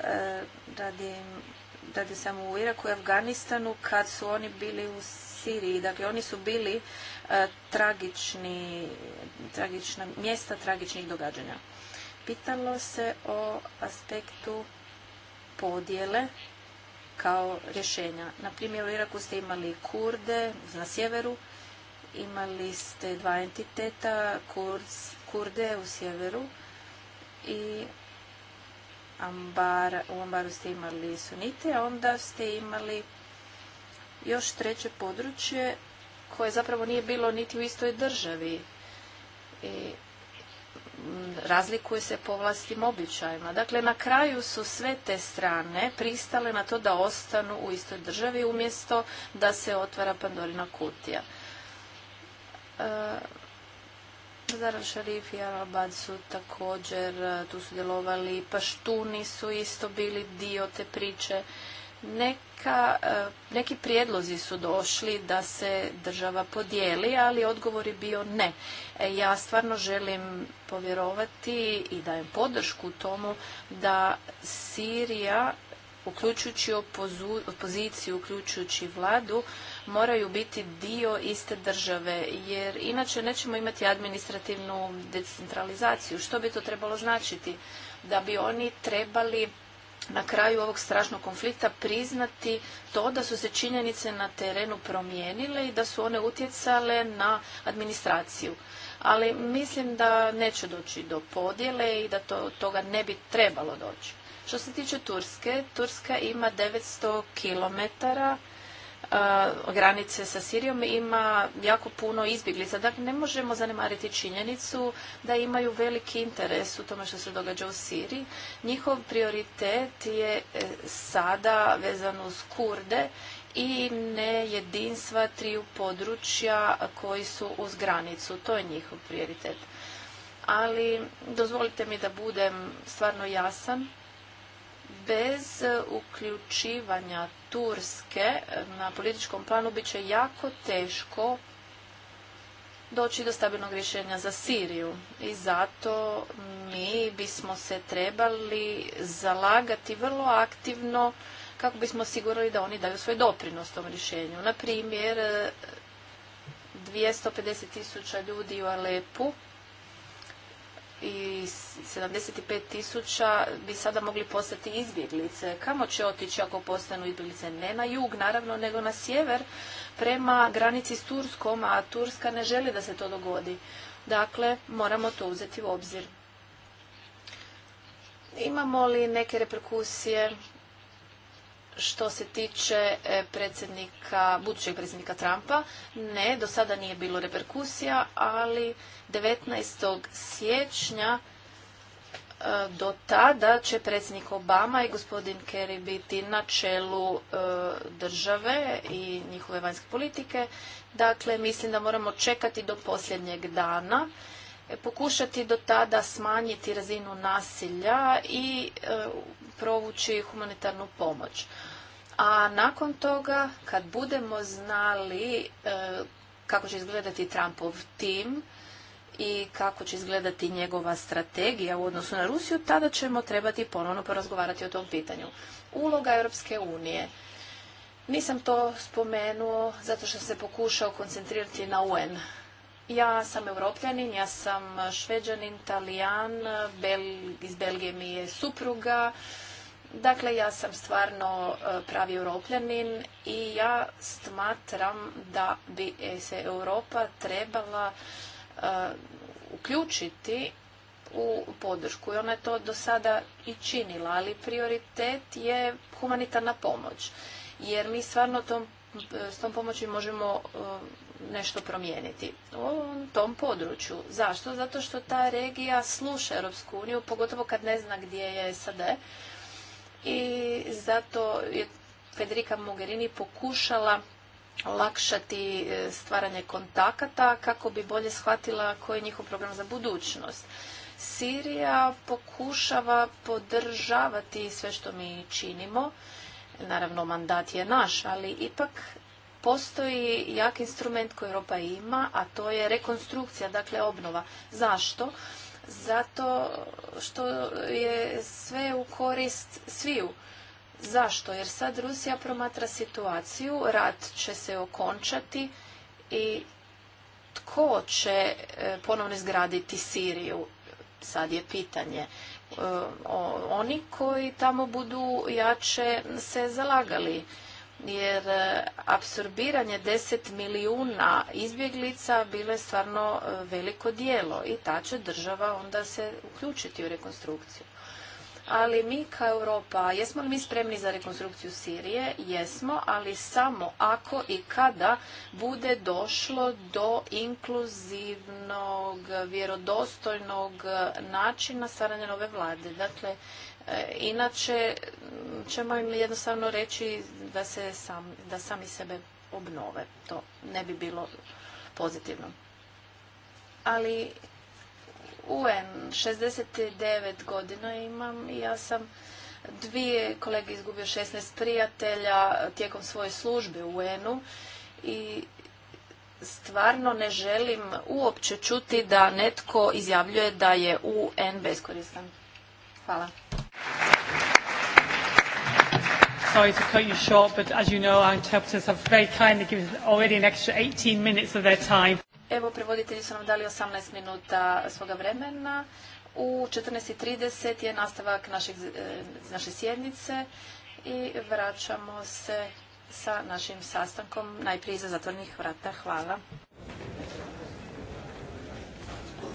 e, radim, samo u Iraku i Afganistanu kad su oni bili u Siriji. Dakle, oni su bili e, tragični, tragična mjesta tragičnih događanja. Pitalo se o aspektu podjele kao rješenja. Na primjer, u Iraku ste imali Kurde na sjeveru, imali ste dva entiteta, Kurde u sjeveru i Ambar, u Ambaru ste imali Sunite, a onda ste imali još treće područje koje zapravo nije bilo niti u istoj državi. I razlikuje se po vlastim običajima. Dakle, na kraju su sve te strane pristale na to da ostanu u istoj državi umjesto da se otvara Pandorina kutija. E, Šarif i Arabad su također e, tu sudjelovali, Paštuni su isto bili dio te priče. Neka, e, neki prijedlozi su došli da se država podijeli, ali odgovor je bio ne. E, ja stvarno želim povjerovati i dajem podršku tomu da Sirija, uključujući opoziciju, uključujući vladu, moraju biti dio iste države, jer inače nećemo imati administrativnu decentralizaciju. Što bi to trebalo značiti? Da bi oni trebali na kraju ovog strašnog konflikta priznati to da su se činjenice na terenu promijenile i da su one utjecale na administraciju. Ali mislim da neće doći do podjele i da to, toga ne bi trebalo doći. Što se tiče Turske, Turska ima 900 km granice sa Sirijom ima jako puno izbjeglica. Dakle, ne možemo zanemariti činjenicu da imaju veliki interes u tome što se događa u Siriji. Njihov prioritet je e, sada vezan uz Kurde i ne jedinstva triju područja koji su uz granicu. To je njihov prioritet. Ali dozvolite mi da budem stvarno jasan. Bez uključivanja Turske na političkom planu bit će jako teško doći do stabilnog rješenja za Siriju. I zato mi bismo se trebali zalagati vrlo aktivno kako bismo sigurali da oni daju svoj doprinos tom rješenju. Na primjer, 250 tisuća ljudi u Alepu i 75 tisuća bi sada mogli postati izbjeglice. Kamo će otići ako postanu izbjeglice? Ne na jug, naravno, nego na sjever prema granici s Turskom, a Turska ne želi da se to dogodi. Dakle, moramo to uzeti u obzir. Imamo li neke reperkusije što se tiče e, predsjednika, budućeg predsjednika Trumpa, ne, do sada nije bilo reperkusija, ali 19. siječnja e, do tada će predsjednik Obama i gospodin Kerry biti na čelu e, države i njihove vanjske politike. Dakle, mislim da moramo čekati do posljednjeg dana pokušati do tada smanjiti razinu nasilja i e, provući humanitarnu pomoć. A nakon toga, kad budemo znali e, kako će izgledati Trumpov tim i kako će izgledati njegova strategija u odnosu na Rusiju, tada ćemo trebati ponovno porazgovarati o tom pitanju. Uloga Europske unije. Nisam to spomenuo zato što se pokušao koncentrirati na UN ja sam europljanin, ja sam šveđanin, talijan, iz Belgije mi je supruga. Dakle, ja sam stvarno e, pravi europljanin i ja smatram da bi se Europa trebala e, uključiti u podršku i ona je to do sada i činila, ali prioritet je humanitarna pomoć. Jer mi stvarno e, s tom pomoći možemo nešto promijeniti u tom području. Zašto? Zato što ta regija sluša Europsku uniju, pogotovo kad ne zna gdje je SAD. I zato je Federica Mogherini pokušala olakšati e, stvaranje kontakata kako bi bolje shvatila koji je njihov program za budućnost. Sirija pokušava podržavati sve što mi činimo. Naravno, mandat je naš, ali ipak postoji jak instrument koji Europa ima, a to je rekonstrukcija, dakle obnova. Zašto? Zato što je sve u korist sviju. Zašto? Jer sad Rusija promatra situaciju, rat će se okončati i tko će e, ponovno izgraditi Siriju? Sad je pitanje. E, oni koji tamo budu jače se zalagali jer e, apsorbiranje 10 milijuna izbjeglica bile stvarno e, veliko dijelo i ta će država onda se uključiti u rekonstrukciju. Ali mi kao Europa, jesmo li mi spremni za rekonstrukciju Sirije? Jesmo, ali samo ako i kada bude došlo do inkluzivnog, vjerodostojnog načina stvaranja nove vlade. Dakle, E, inače ćemo im jednostavno reći da, se sam, da sami sebe obnove. To ne bi bilo pozitivno. Ali UN 69 godina imam i ja sam dvije kolege izgubio 16 prijatelja tijekom svoje službe u UN-u i stvarno ne želim uopće čuti da netko izjavljuje da je UN beskoristan. Hvala.
Sorry to cut you short, but as you know, our interpreters have very kindly given us already an extra 18 minutes of their time.
Evo, prevoditelji su nam dali 18 minuta svoga vremena. U 14.30 je nastavak našeg, eh, naše sjednice i vraćamo se sa našim sastankom najprije iza zatvornih vrata. Hvala.